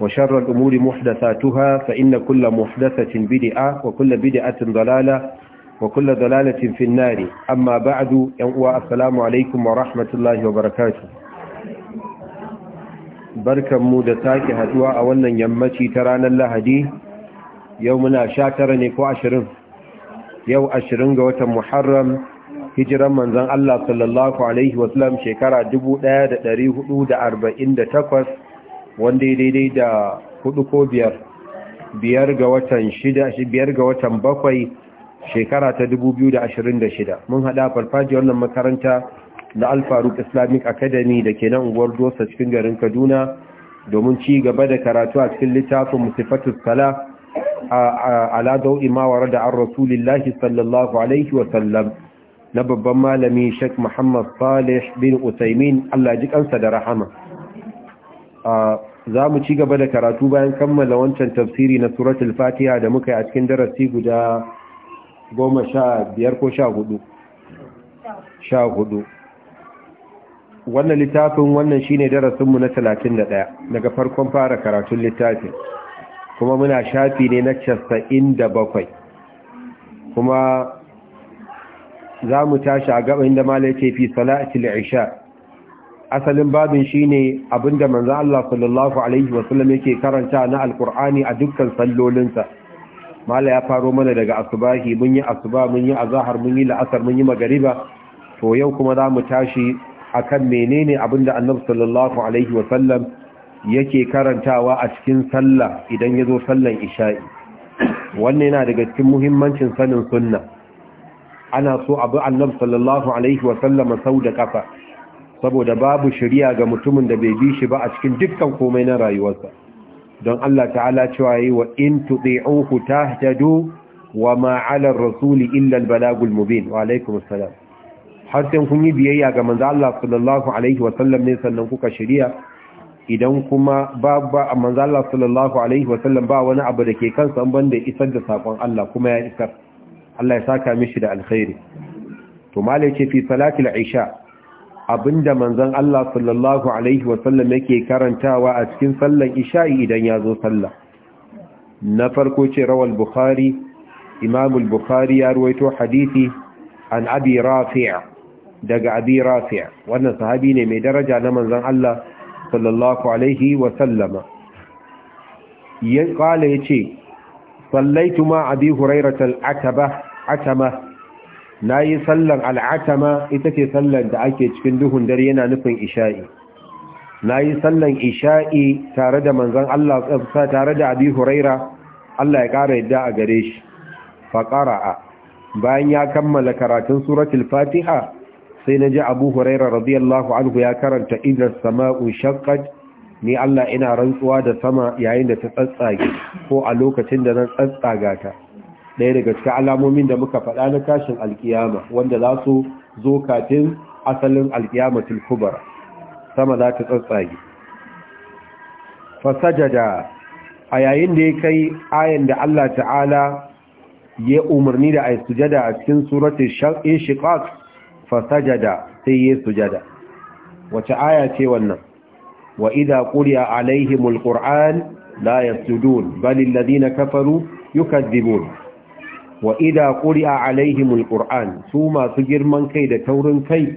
وشر الأمور محدثاتها فإن كل محدثة بدعة وكل بدعة ضلالة وكل ضلالة في النار أما بعد السلام عليكم ورحمة الله وبركاته بركة مودتاك هدواء أولا يمتي ترانا اللهدي يومنا شاترني وعشرين يو أشرين قوة محرم hijiran manzan Allah sallallahu Alaihi wasallam shekara 1448 wanda ya daidai da hudu ko biyar biyar ga watan shida biyar ga watan bakwai shekara ta da shida, mun hada farfaji wannan makaranta na alfaruk islamic academy da ke nan unguwar dosa cikin garin kaduna domin ci gaba da karatu a cikin littafin musifatu sala ala dau'i mawara da an rasulillahi sallallahu alaihi wasallam na babban malami shek muhammad salih bin usaimin allah ji kansa da rahama za mu ci gaba da karatu bayan kammala wancan tafsiri na suratul fatiha da muka yi a cikin darasi guda goma sha biyar ko sha hudu sha hudu wannan littafin wannan shine darasinmu na talatin da ɗaya daga farkon fara karatun littafin kuma muna shafi ne na casa'in da bakwai kuma za mu tashi a gaba inda mala ce fi salatul isha asalin babin shine abinda manzo Allah sallallahu alaihi wasallam yake karanta na Alkur'ani a dukkan sallolinsa mala ya faro mana daga asubahi mun yi asuba mun yi azhar mun yi la'asar mun yi magariba to yau kuma za mu tashi akan menene abinda annabi sallallahu alaihi wasallam yake karantawa a cikin sallah idan ya zo sallan isha'i wannan yana daga cikin muhimmancin sanin sunna ana so abu annabi sallallahu alaihi wasallam sau da kafa saboda babu shari'a ga mutumin da bai bi shi ba a cikin dukkan komai na rayuwarsa don Allah ta'ala cewa yi wa in tuti'uhu tahtadu wa ma 'ala ar-rasuli illa al-balagul mubin wa alaikum assalam har sai kun yi biyayya ga manzo Allah sallallahu alaihi wa sallam ne sannan kuka shari'a idan kuma ba ba manzo Allah sallallahu alaihi wa sallam ba wani abu da ke kansa an banda isar da sakon Allah kuma ya isar Allah ya saka mishi da alkhairi to malai ce fi salatil isha abinda manzon Allah sallallahu alaihi wasallam yake karantawa a cikin sallan isha'i idan ya zo sallah na farko ce rawal bukhari imam al-bukhari ya ruwaito hadisi an abi rafi' daga abi rafi' wannan sahabi ne mai daraja na manzon Allah sallallahu alaihi ya kala yace sallaitu ma abi hurairah al-akaba atama na yi sallan al'atama ita ce sallan da ake cikin duhun dare yana nufin isha'i na yi sallan isha'i tare da manzan Allah tsafsa tare da abi huraira Allah ya ƙara yadda a gare shi a bayan ya kammala karatun suratul fatiha sai na ji abu huraira radiyallahu anhu ya karanta idan sama'u shaqqat ni Allah ina rantsuwa da sama yayin da ta tsatsage ko a lokacin da na tsatsaga ta ɗaya daga cikin alamomin da muka faɗa na kashin alkiyama wanda za su zo kafin asalin alkiyamatul kubra sama za ta tsatsage fasajada a yayin da ya kai ayan da Allah ta'ala ya umarni da a sujada a cikin suratun shaqiq fasajada sai ya sujada wace aya ce wannan wa idza quriya alaihimul qur'an la yasjudun bal alladhina kafaru yukaththibun wa idha quri'a alaihimul qur'an su masu girman kai da taurin kai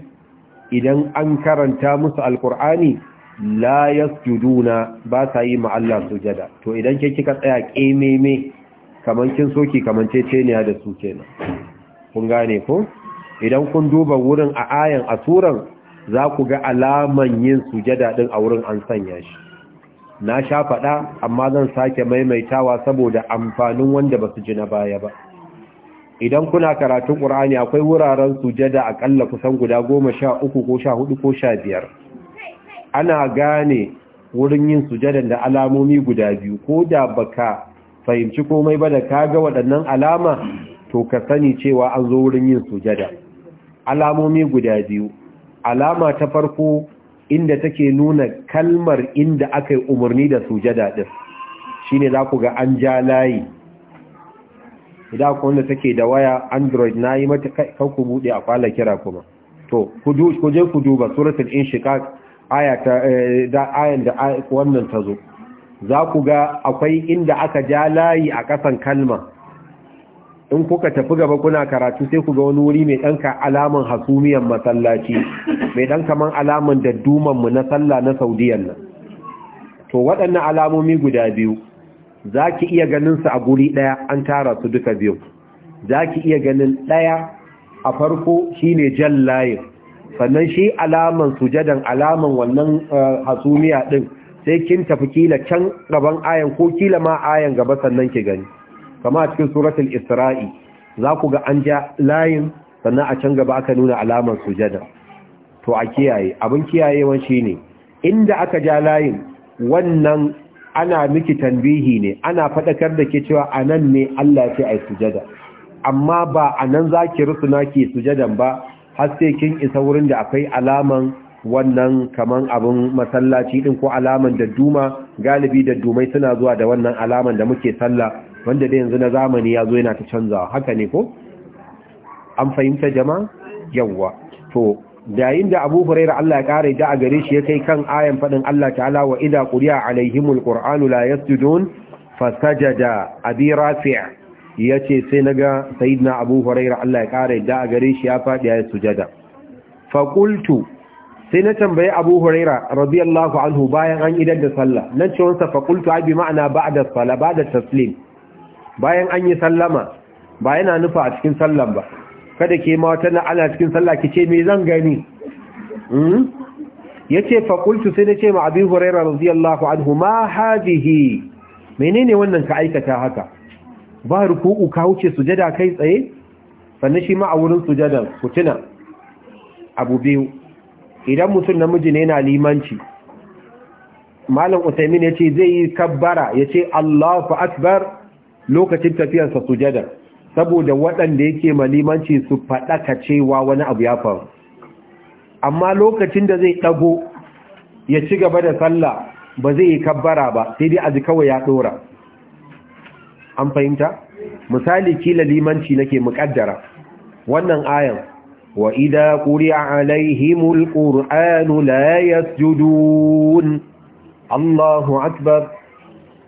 idan an karanta musu alqur'ani la yasjuduna ba sa yi ma Allah sujada to idan ke kika tsaya kememe kaman kin soki kaman ce ne da su kenan kun gane ko idan kun duba wurin a ayan a suran za ku ga alaman yin sujada ɗin a wurin an sanya shi na sha faɗa amma zan sake maimaitawa saboda amfanin wanda ba su ji na baya ba idan kuna karatun ƙur'ani akwai wuraren sujada aƙalla kusan guda goma sha uku ko sha hudu ko sha biyar ana gane wurin yin sujada da alamomi guda biyu ko da baka fahimci komai ba da ka ga waɗannan alama to ka sani cewa an zo wurin yin sujada alamomi guda biyu alama ta farko inda take nuna kalmar inda aka yi umarni da sujada ɗin Shi ne za ku ga an ja layi idan akwai wanda take da waya android na yi mata kan ku buɗe a kwala kira kuma to ku je ku duba suratul inshiqaq aya ta eh, ayan da wannan ta zo za ku ga akwai inda aka ja layi a kasan kalma in kuka tafi gaba kuna karatu sai ku ga wani wuri mai ɗanka alaman hasumiyan masallaci mai ɗan man alaman daddumanmu na sallah na saudiyan nan to waɗannan alamomi guda biyu za ki iya ganin su a guri ɗaya an tara su duka biyu za ki iya ganin ɗaya a farko shi ne jan layin sannan shi alaman sujadan alaman wannan eh, hasumiya ɗin sai kin tafi kila can gaban ayan ko kila ma ayan gaba sannan ki gani kama a cikin suratul isra'i za ku ga an ja layin sannan a can gaba aka nuna alaman sujadan. to a kiyaye abin kiyayewan shi ne inda aka ja layin wannan ana miki tanbihi ne ana faɗakar da ke cewa anan nan ne Allah ce a sujada amma ba a nan za ki rusuna ke sujadan ba har sai kin isa wurin da akwai alaman wannan kaman abin masallaci din ko alaman da duma galibi da dumai suna zuwa da wannan alaman da muke sallah wanda da yanzu na zamani ya zo yana ta canzawa haka ne ko an fahimta jama'a yawwa to yayin da abu huraira Allah ya kare da a gare shi ya kai kan ayan faɗin Allah ta'ala wa idha quriya alaihimul qur'anu la yasjudun da abi rafi' yace sai naga sayyidina abu huraira Allah ya kare da a gare shi ya fadi ya sujada fa qultu sai na tambaye abu huraira radiyallahu anhu bayan an idar da sallah na ce wansa fa qultu abi ma'ana ba'da ba da taslim bayan an yi sallama ba yana nufa a cikin sallan ba kada ke ma wata na ala cikin sallah ki ce me zan gani hmm? ya ce faƙultu sai na ce ma abin huraira radiyallahu anhu ma hadihi menene wannan ka aikata haka ba ruku'u ka wuce sujada kai tsaye sannan shi ma a wurin sujada ku abu biyu idan mutum namiji ne yana limanci malam usaimin ya ce zai yi kabbara ya ce allahu akbar lokacin tafiyarsa sujada saboda waɗanda yake malimanci su faɗaka cewa wani abu ya faru amma lokacin da zai ɗago ya ci gaba da sallah ba zai yi kabbara ba sai dai aji kawai ya ɗora an fahimta misali kila limanci nake muƙaddara wannan ayan wa idza quri'a alaihimul qur'anu layas, yasjudun Allahu akbar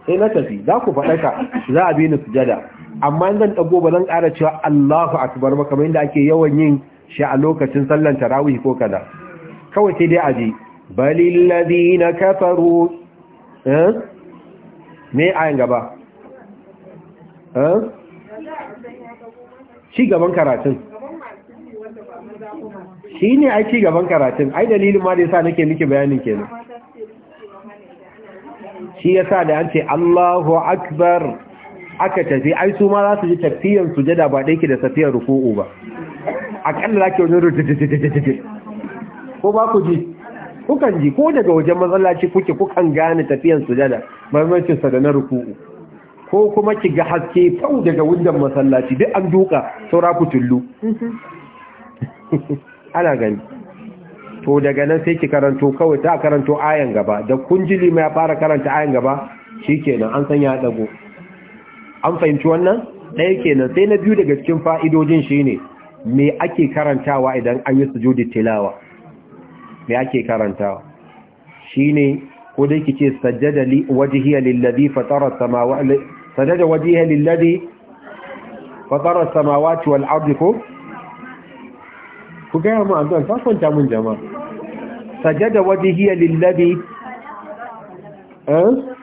sai na tafi za ku faɗaka za a bi ni sujada amma zan dago ba zan ƙara cewa Allahu akbar ba kamar yadda ake yawan yin shi a lokacin sallan tarawih ko kaza kawai sai dai aje balil ladina kafaru eh me ayin gaba eh? ci gaban karatun shi ne ai ci gaban karatun ai dalilin ma da yasa nake miki bayanin kenan shi yasa da an ce Allahu akbar aka tafi ai su ma za su ji tafiyan sujada ba ɗaya ke da safiyar ruku'u ba akalla za ki wani rututututututut ko ba ku ji kukan ji ko daga wajen matsalaci kuke kukan gane tafiyan sujada marmarcin sa da na ruku'u ko kuma ki ga haske tau daga wundan masallaci duk an duka saura ku tullu ana gani to daga nan sai ki karanto kawai ta karanto ayan gaba da kun ji lima ya fara karanta ayan gaba shikenan an san ya dago an fahimci wannan ɗaya kenan sai na biyu daga cikin fa'idojin ne. me ake karantawa idan an yi sujudi tilawa me ake karantawa Shi ne, ko dai kice sajjada li wajhiya lillazi fatara samawati sajjada wajhiya lillazi fatara samawati wal ardi ko ku gaya mu an ta kwanta mun jama'a sajjada wajhiya lillazi eh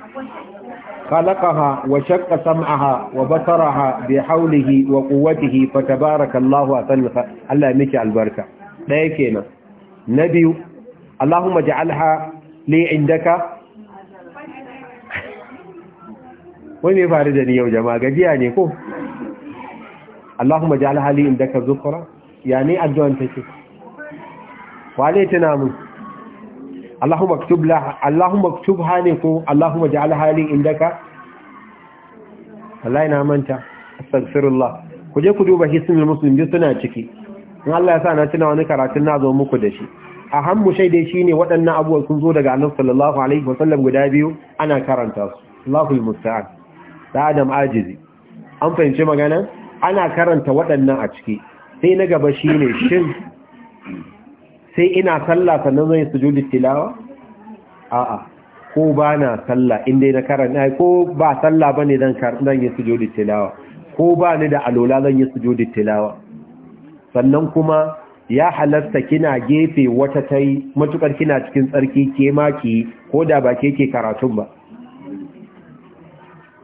خلقها وشق سمعها وبصرها بحوله وقوته فتبارك الله أثنى الله يمشي البركة لكن نبي اللهم اجعلها لي عندك wani faru da ni yau jama'a gajiya ne ko Allahumma ja'al hali indaka zukra ya ne addu'an mun Allahumma ktub laha Allahumma ktub hane ko Allahumma ja'al halin indaka wallahi Ina manta astaghfirullah ku je ku duba hisnul muslim duk suna ciki in Allah ya sa na tuna wani karatun na zo muku da shi a hammu shai dai shine waɗannan abubuwan sun zo daga Annabi sallallahu alaihi wasallam guda biyu ana karanta su Allahu musta'an da Adam ajizi an fahimci magana ana karanta waɗannan a ciki sai na gaba shine shin sai ina sallah sannan zai sujudi tilawa a'a ko ba na sallah inda na karanta ko ba sallah bane dan zan yi sujudi tilawa ko ba ni da alola zan yi sujudi tilawa sannan kuma ya halatta kina gefe wata tai matukar kina cikin tsarki ke maki ko da ba ke ke karatun ba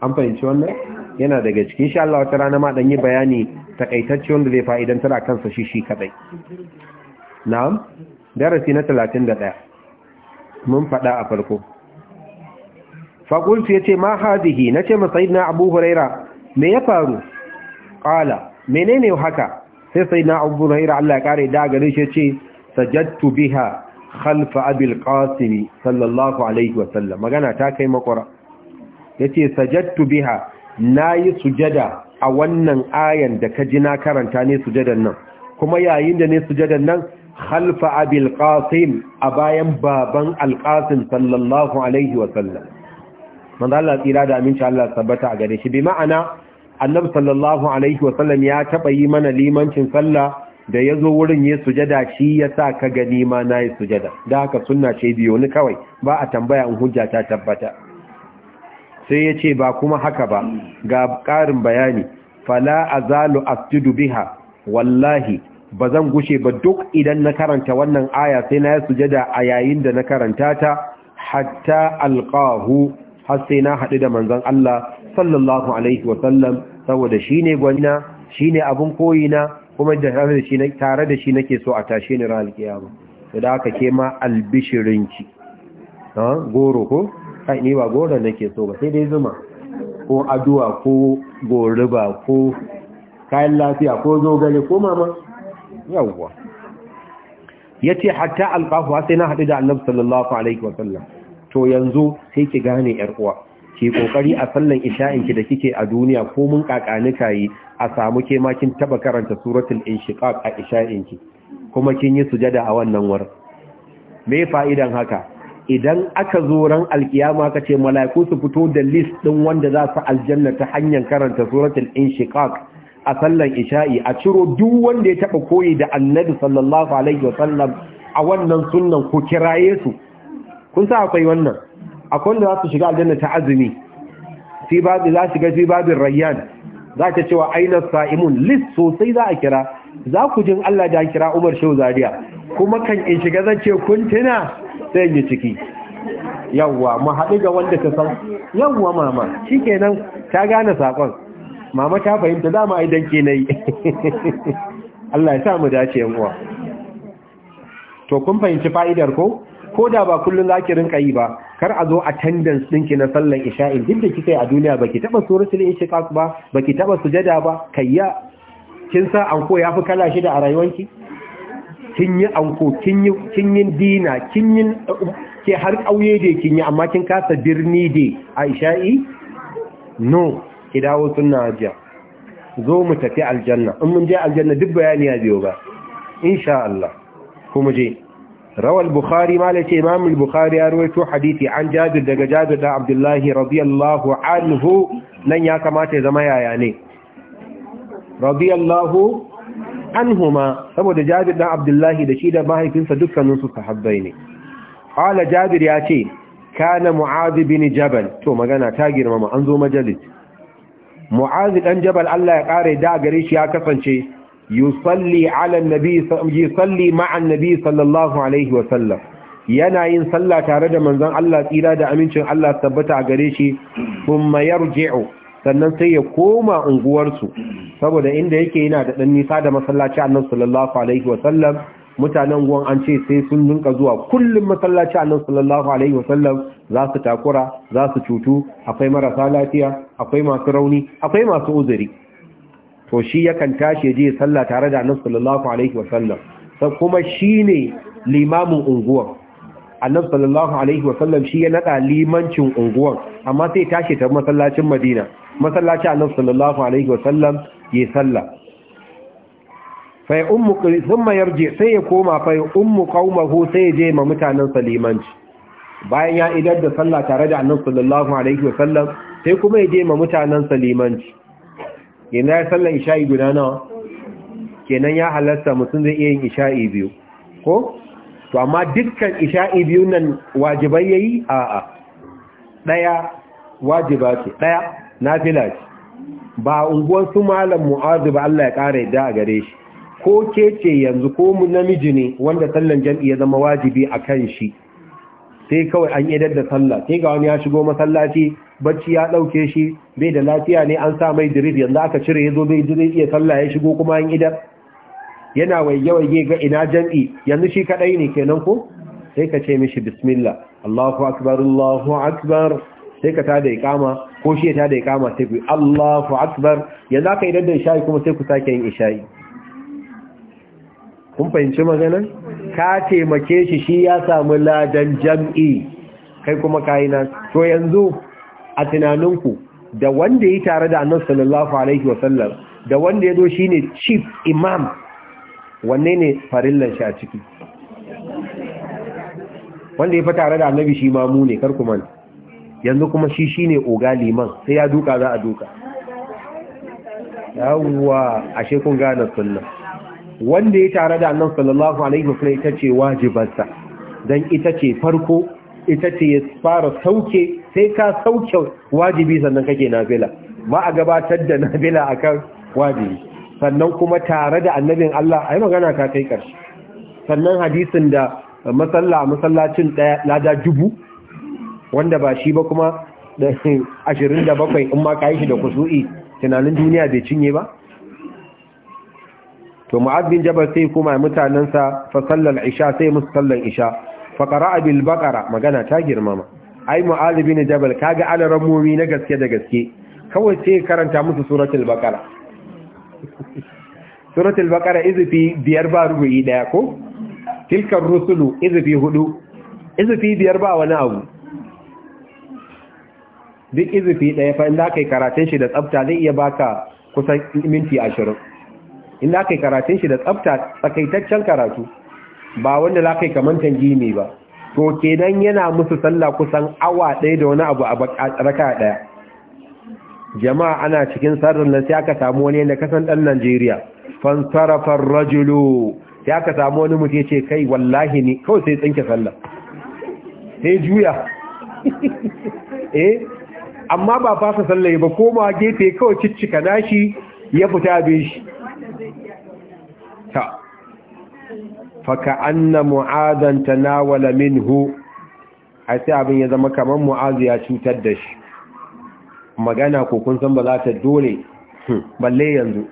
an fahimci wannan yana daga ciki insha Allah wata rana ma dan yi bayani takaitaccen da zai fa'idantar a kansa shi shi kadai na'am darasi na 31 mun faɗa a farko ya yace ma hadihi nace ma sayyidina abu huraira me ya faru qala menene haka sai sayyidina abu huraira Allah ya kare da gare shi yace Sajattu biha khalfa abil qasim sallallahu alaihi wasallam magana ta kai makwara yace Sajattu biha nayi sujada a wannan ayan da ka ji na karanta ne sujadan nan kuma yayin da ne sujadan nan khalfa abil qasim a bayan baban alqasim sallallahu alaihi wa sallam manzo Allah tsira da aminci Allah tabbata a gare shi bi ma'ana annabi sallallahu alaihi wa sallam ya taba yi mana limancin sallah da ya zo wurin ya sujada shi ya sa ka gani ma na yi sujada da haka suna ce biyo ni kawai ba a tambaya in hujja ta tabbata sai ya ce ba kuma haka ba ga ƙarin bayani fala azalu asjudu biha wallahi ba zan gushe ba duk idan na karanta wannan aya sai na ya sujada a yayin da na karanta ta hatta alqahu har sai na haɗu da manzon Allah sallallahu alaihi wasallam saboda shine gwanina shine abun koyina kuma da tare da shi tare da shi nake so a tashe ni ran alkiyama to da haka ke ma albishirinki ha goro ko kai ni ba goro nake so ba sai dai zuma ko aduwa ko goruba ko kayan lafiya ko zogale ko mama yawwa yace hatta alqahu sai na hadu da annabi sallallahu alaihi wa to yanzu sai ki gane yar uwa ki kokari a sallan isha'in ki da kike a duniya ko mun kakanika yi a samu ke ma kin taba karanta suratul inshiqaq a isha'in ki kuma kin yi sujada a wannan wurin me fa'idan haka idan aka zo ran alkiyama ka ce mala'iku su fito da list din wanda za su aljanna ta hanyar karanta suratul inshiqaq a sallan isha'i a ciro duk wanda ya taba koyi da annabi sallallahu alaihi wasallam a wannan sunnan ko kiraye su kun sa akwai wannan akwai wanda za su shiga aljanna ta azumi fi babi za shiga fi babin rayyan za ta cewa aina sa'imun list sosai za a kira za ku jin Allah da kira Umar Shehu Zaria kuma kan in shiga zan ce kun tuna sai yi ciki yawwa mu haɗu ga wanda ta san yawwa mama shikenan ta gane sakon mama ta fahimta dama aidan ke nayi Allah ya sa mu dace yan uwa to kun fahimci fa'idar ko ko da ba kullun zaki rinka yi ba kar a zo attendance ki na sallan isha'in duk da kika yi a duniya baki taba suratul inshiqaq ba baki taba sujada ba kayya kin sa anko yafi kala shida a rayuwanki kin yi anko kin yi dina kin yi ke har kauye da kin yi amma kin kasa birni da a isha'i no ki dawo sunna hajjia zo mu tafi aljanna in mun je aljanna duk bayani ya biyo ba insha Allah kuma je rawal bukhari malaka imam al-bukhari ya rawaito hadisi an jabir daga jabir da abdullahi radiyallahu anhu nan ya kamata ya zama yaya ne radiyallahu anhuma saboda jabir da abdullahi da shi da mahaifinsa dukkanin su sahabbai ne qala jabir ya ce kana mu'adh bin jabal to magana ta girmama an zo majalis mu'azi dan jabal Allah ya kare da gare shi ya kasance yusalli ala annabi yusalli ma'a annabi sallallahu alaihi wa sallam yana yin sallah tare da manzon Allah tsira da amincin Allah tabbata a gare shi kuma yarji'u sannan sai ya koma unguwarsu saboda inda yake yana da dan nisa da masallaci annabi sallallahu alaihi wa sallam mutanen guwan an ce sai sun dinka zuwa kullum masallaci annabi sallallahu alaihi wasallam za su takura za su cutu akwai marasa lafiya akwai masu rauni akwai masu uzuri to shi yakan tashi je sallah tare da annabi sallallahu alaihi wasallam sai kuma shine limamin unguwan annabi sallallahu alaihi wasallam shi ya nada limancin unguwan amma sai tashi ta masallacin Madina masallaci annabi sallallahu alaihi wasallam ya sallah fa ummu thumma yarji sai ya koma fa ummu qaumahu sai ya je ma mutanen salimanci bayan ya idar da sallah tare da annabi sallallahu alaihi sallam, sai kuma ya je ma mutanen salimanci Ina ya sallan isha'i guda nawa kenan ya halarta mutum zai iya yin isha'i biyu ko to amma dukkan isha'i biyu nan wajibai yayi a'a daya wajiba ce daya nafila ce ba unguwan su malam mu'azu ba Allah ya kare da a gare shi ko ke ce yanzu ko mu namiji ne wanda sallan jam'i ya zama wajibi a kan shi sai kawai an idar da sallah sai ga wani ya shigo masallaci bacci ya ɗauke shi bai da lafiya ne an sa mai dirif yanzu aka cire ya zo bai dirif iya sallah ya shigo kuma an idar yana waige-waige ga ina jam'i yanzu shi kaɗai ne kenan ko sai ka ce mishi bismillah Allahu akbar Allahu akbar sai ka tada ikama ko shi ya tada ikama sai ku Allahu akbar yanzu aka idar da isha'i kuma sai ku sake yin isha'i kun fahimci magana? ka taimake shi shi ya samu ladan jam'i kai kuma kayi to yanzu a tunaninku da wanda yi tare da annabi sallallahu alaihi wasallam da wanda ya zo shine chief imam wanne ne farillan shi a ciki wanda ya fi tare da annabi shi mamu ne kar kuma yanzu kuma shi shine oga liman sai ya duka za a duka yawwa ashe kun gane sunan. wanda ya tare da annan sallallahu alaihi wasallam ita ce wajibarsa dan ita ce farko ita ce ya fara sauke sai ka sauke wajibi sannan kake nafila ba a gabatar da nafila akan wajibi sannan kuma tare da annabin Allah ai magana ka kai karshe sannan hadisin da masalla masallacin daya lada dubu wanda ba shi ba kuma 27 in ma ka yi shi da kusu'i tunanin duniya bai cinye ba to mu'adh bin jabal sai kuma mutanansa fa sallal isha sai musu sallan isha fa qara'a bil baqara magana ta girmama ai mu'adh bin jabal kaga ramumi na gaske da gaske kawai sai karanta musu suratul baqara suratul baqara izfi biyar ba rubuyi daya ko tilkar rusulu izfi hudu izifi biyar ba wani abu duk izifi ɗaya fa inda kai yi karatun shi da tsafta, zai iya baka kusan minti ashirin in da aka yi karatun shi da tsabta tsakaitaccen karatu ba wanda za ka yi kamantan gimi ba to kenan yana musu sallah kusan awa ɗaya da wani abu a raka ɗaya jama'a ana cikin sarrin nan sai aka samu wani yadda kasan ɗan najeriya fansarafar rajulu sai aka samu wani mutu ya ce kai wallahi ne kawai sai tsinke sallah sai juya eh amma ba fasa sallah ba koma gefe kawai ciccika nashi ya fita bin shi ta anna mu'azan tanawala minhu ai sai abin ya zama kamar mu'azu ya cutar da shi magana ko kun san ba za ta dole hmm, balle yanzu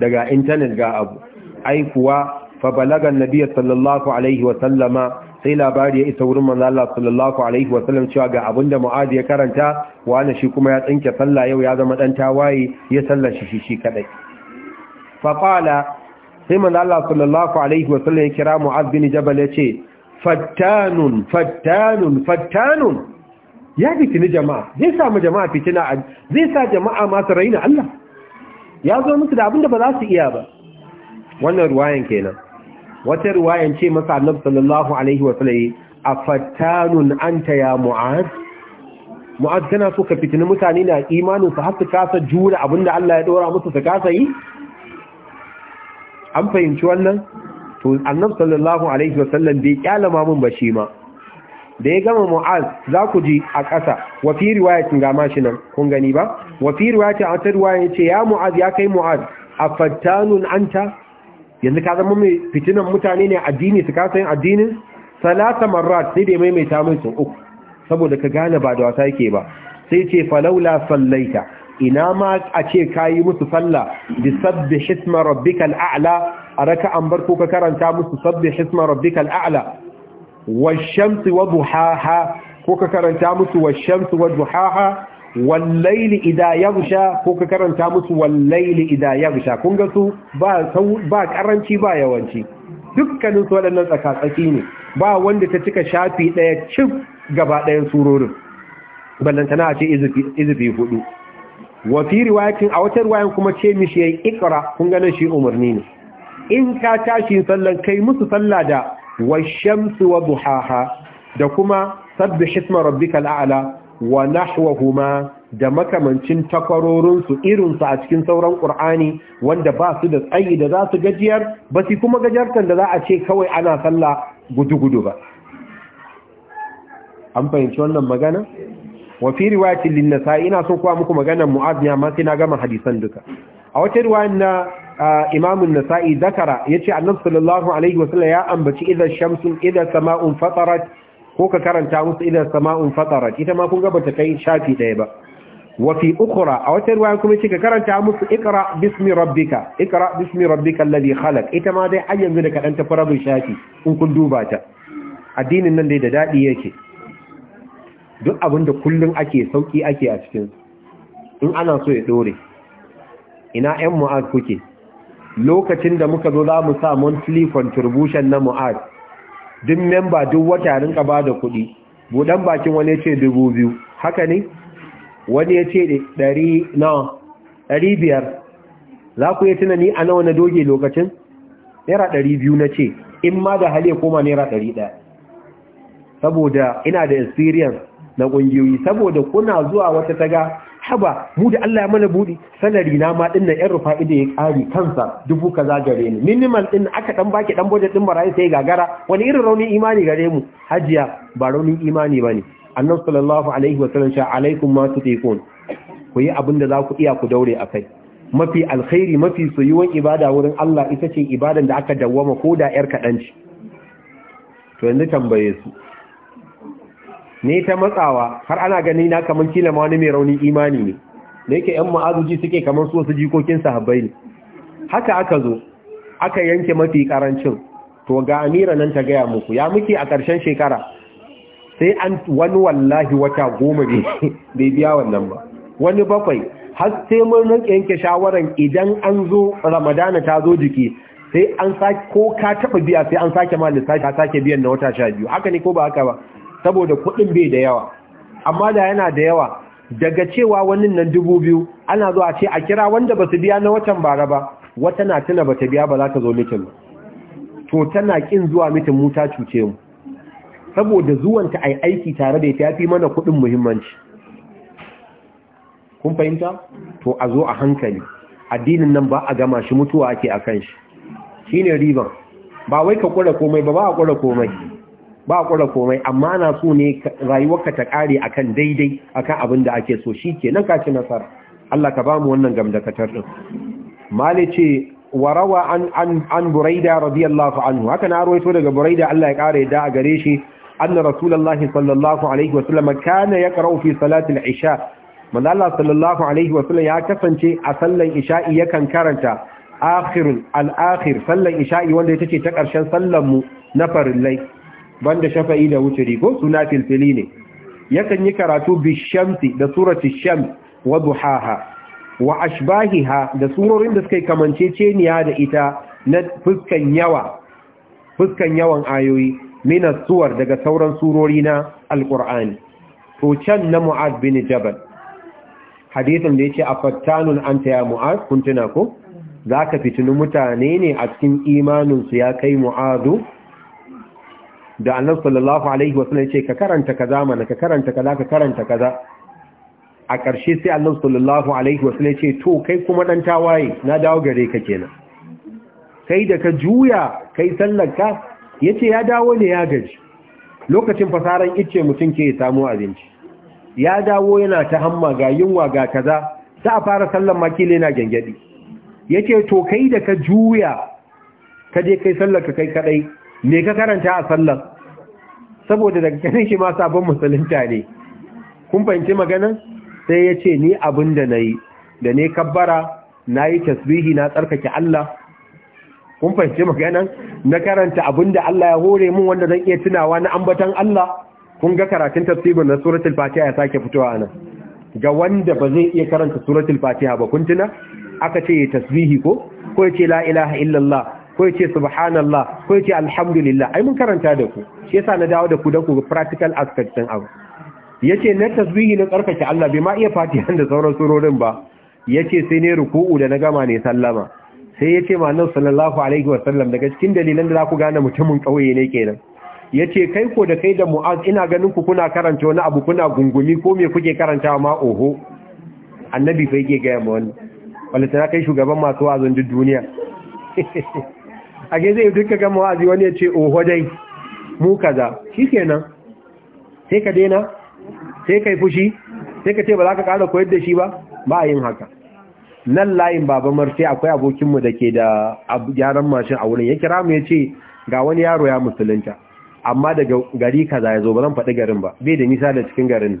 daga intanet ga abu ai kuwa fa balagan nabiyyi sallallahu alaihi wa sallama sai labari ya isa wurin manzo Allah sallallahu alaihi wa sallam cewa ga abinda mu'azu ya karanta wani shi kuma ya tsinke sallah yau ya zama dan tawaye ya sallashi shi shi kadai fa qala sai manzo Allah sallallahu alaihi wa sallam ya kira Mu'adh bin Jabal yace, ce fattanun fattanun fattanun ya fitini jama'a zai sa samu jama'a fitina zai sa jama'a masu raina Allah ya zo musu da abinda ba za su iya ba wannan ruwayan kenan wata ruwayan ce masa annabi sallallahu alaihi wa sallam afattanun anta ya mu'ad mu'ad kana so ka fitini mutane na imanin su har su kasa jura abinda Allah ya dora musu su kasa yi an fahimci wannan to annabi sallallahu alaihi wasallam bai kyalama mun ba shi ma da ya gama mu'az za ku ji a ƙasa wa fi riwayatin ga mashi nan kun gani ba wa fi riwayatin a tarwa ya ce ya mu'az ya kai mu'az an anta yanzu ka zama mai fitinan mutane ne addini su kasa yin addinin salasa marrat sai da maimaita mai sun uku saboda ka gane ba da wasa yake ba sai ce falaula sallaita ina ma a ce kayi musu sallah bisabbi hisma rabbikal a'la a bar barko ka karanta musu sabbi hisma rabbikal a'la washamsi wa duhaha ko ka karanta musu washamsi wa duhaha wal-layli idha yaghsha ko ka karanta musu wal-layli idha yaghsha kun ga su ba ba karanci ba yawanci dukkanin su waɗannan tsakatsaki ne ba wanda ta cika shafi ɗaya cin gaba ɗayan surorin ballantana a ce izufi hudu wa fi riwayatin a wata riwayan kuma ce mishi yayi ikra kun ga nan shi umarni ne in ka tashi sallan kai musu sallah da washamsu wa duhaha da kuma sabbi isma rabbikal a'la wa nahwahuma da makamancin takwarorinsu irinsu a cikin sauran qur'ani. wanda ba su da tsayi da za su gajiyar ba su kuma gajartan da za a ce kawai ana sallah gudu-gudu ba an fahimci wannan magana? Wafi riwayatin lin ina so kuwa muku maganar mu'azina ne amma sai na gama hadisan duka a wata riwaya na imam nasai zakara yace annabi sallallahu alaihi wasallam ya ambaci idan shamsun idan sama'un fatarat ko ka karanta musu idan sama'un fatarat ita ma kun bata kai shafi ɗaya ba Wafi Ukura a wata riwaya kuma yace ka karanta musu Ikra, bismi rabbika Ikra, bismi rabbika alladhi khalaq ita ma dai har yanzu da kadan ta farabin shafi in kun duba ta addinin nan dai da dadi yake duk abin da kullum ake sauki ake a cikin in ana so ya dore ina yan mu'ad kuke lokacin da muka zo za mu sa monthly contribution na mu'ad duk memba duk wata rinka ba da kuɗi buɗan bakin wani ya ce dubu biyu haka ne wani ya ce ɗari na ɗari biyar za ku yi tunani a nawa na doge lokacin naira ɗari biyu na ce in ma da hali ya koma naira ɗari ɗaya saboda ina da experience na ƙungiyoyi saboda kuna zuwa wata taga haba mu da Allah ya mana buɗi sanari na ma ɗin na ƴan rufa ido ya ƙari kansa dubu kaza gare ni minimal ɗin aka ɗan baki ɗan budget ɗin barayi sai gagara wani irin raunin imani gare mu hajiya ba raunin imani ba ne annan sallallahu alaihi wa sallam sha alaikum ma tutiqun ku yi abin da za ku iya ku daure a kai. mafi alkhairi mafi soyuwan ibada wurin Allah ita ce ibadan da aka dawwama ko da ƴar kaɗan to yanzu tambaye su ne ta matsawa har ana gani na kamar kila ma wani mai rauni imani ne da yake yan ma'azuji suke kamar su wasu jikokin sahabbai ne haka aka zo aka yanke mafi karancin to ga amira nan ta gaya muku ya muke a ƙarshen shekara sai an wani wallahi wata goma bai biya wannan ba wani bakwai har sai mun yanke shawaran idan an zo ramadana ta zo jiki sai an sake ko ka taɓa biya sai an sake ma lissafi ta sake biyan na wata sha biyu haka ne ko ba haka ba saboda kuɗin bai da yawa amma da yana da yawa daga cewa wani nan dubu biyu ana zuwa ce a kira wanda ba su biya na watan bara ba wata na tuna ba ta biya ba za ta zo mitin to tana kin zuwa mitin mu ta cuce mu saboda zuwanta ai aiki tare da ita yafi mana kuɗin muhimmanci kun fahimta to a zo a hankali addinin nan ba a gama shi mutuwa ake kan shi shine riban ba wai ka kura komai ba ba a kura komai ba kura komai amma ana so ne rayuwarka ta kare akan daidai akan abin da ake so shikenan ka ci nasara Allah ka bamu wannan gam gamdakatar din mali ce warawa an an an buraida radiyallahu anhu haka na rawaito daga buraida Allah ya kare da a gare shi anna rasulullahi sallallahu alaihi wa sallam. kana yaqra'u fi salati al-isha manzo Allah sallallahu alaihi wa sallam ya kasance a sallan isha'i yakan karanta akhirul al-akhir sallan isha'i wanda ita ce ta karshen sallan mu na farillai banda shafa'i da wuturi ko suna filfili ne yakan yi karatu bishamsi da surati shams wa duhaha wa ashbahiha da surorin da suka kamanceceniya da ita na fuskan yawa fuskan yawan ayoyi mina suwar daga sauran surori na alqur'ani to can na mu'ad bin jabal hadisin da yace afattanun anta ya mu'ad kuntuna ko zaka fitinu mutane ne a cikin imanin su ya kai mu'adu da annabi sallallahu alaihi wasallam yace ka karanta kaza mana ka karanta kaza ka karanta kaza a ƙarshe sai annabi sallallahu alaihi wasallam yace to kai kuma dan tawaye na dawo gare ka kenan kai da ka juya kai sallarka yace ya dawo ne ya gaji lokacin fasaran icce mutum ke samu abinci ya dawo yana ta hamma ga yunwa ga kaza za a fara sallar makile na gangadi yace to kai da ka juya ka je kai sallarka kai kadai me ka karanta a sallar saboda daga ganin shi ma sabon musulunta ne kun fahimci magana sai ya ce ni abin da na yi da ne kabbara na yi tasbihi na tsarkake Allah kun fahimci magana na karanta abin da Allah ya hore mun wanda zan iya tunawa na ambatan Allah kun ga karatun tafsirin na suratul fatiha ya sake fitowa nan ga wanda ba zai iya karanta suratul fatiha ba kun tuna aka ce tasbihi ko ko ya ce la ilaha illallah ko ce subhanallah ko ce alhamdulillah ai mun karanta da ku shi yasa na dawo da ku don ku ga practical aspect din abu yace na tasbihi na tsarkake Allah bai ma iya fatihan da sauran surorin ba yace sai ne ruku'u da na gama ne sallama sai yace manzon sallallahu alaihi wasallam daga cikin dalilan da za ku gane mutumin kauye ne kenan yace kai ko da kai da mu'az ina ganin ku kuna karanta wani abu kuna gungumi ko me kuke karanta ma oho annabi fa yake ga mu wannan wallahi kai shugaban masu wazon duniya a ge zai duka gama wa'azi wani ya ce oho dai mu kaza shi kenan sai ka daina sai ka yi fushi sai ka ce ba za ka ƙara koyar da shi ba ba a yin haka nan layin Baba marfi akwai abokinmu da ke da gyaran mashin a wurin ya kira mu ya ce ga wani yaro ya musulunta amma daga gari kaza ya zo ba zan faɗi garin ba bai da nisa da cikin garin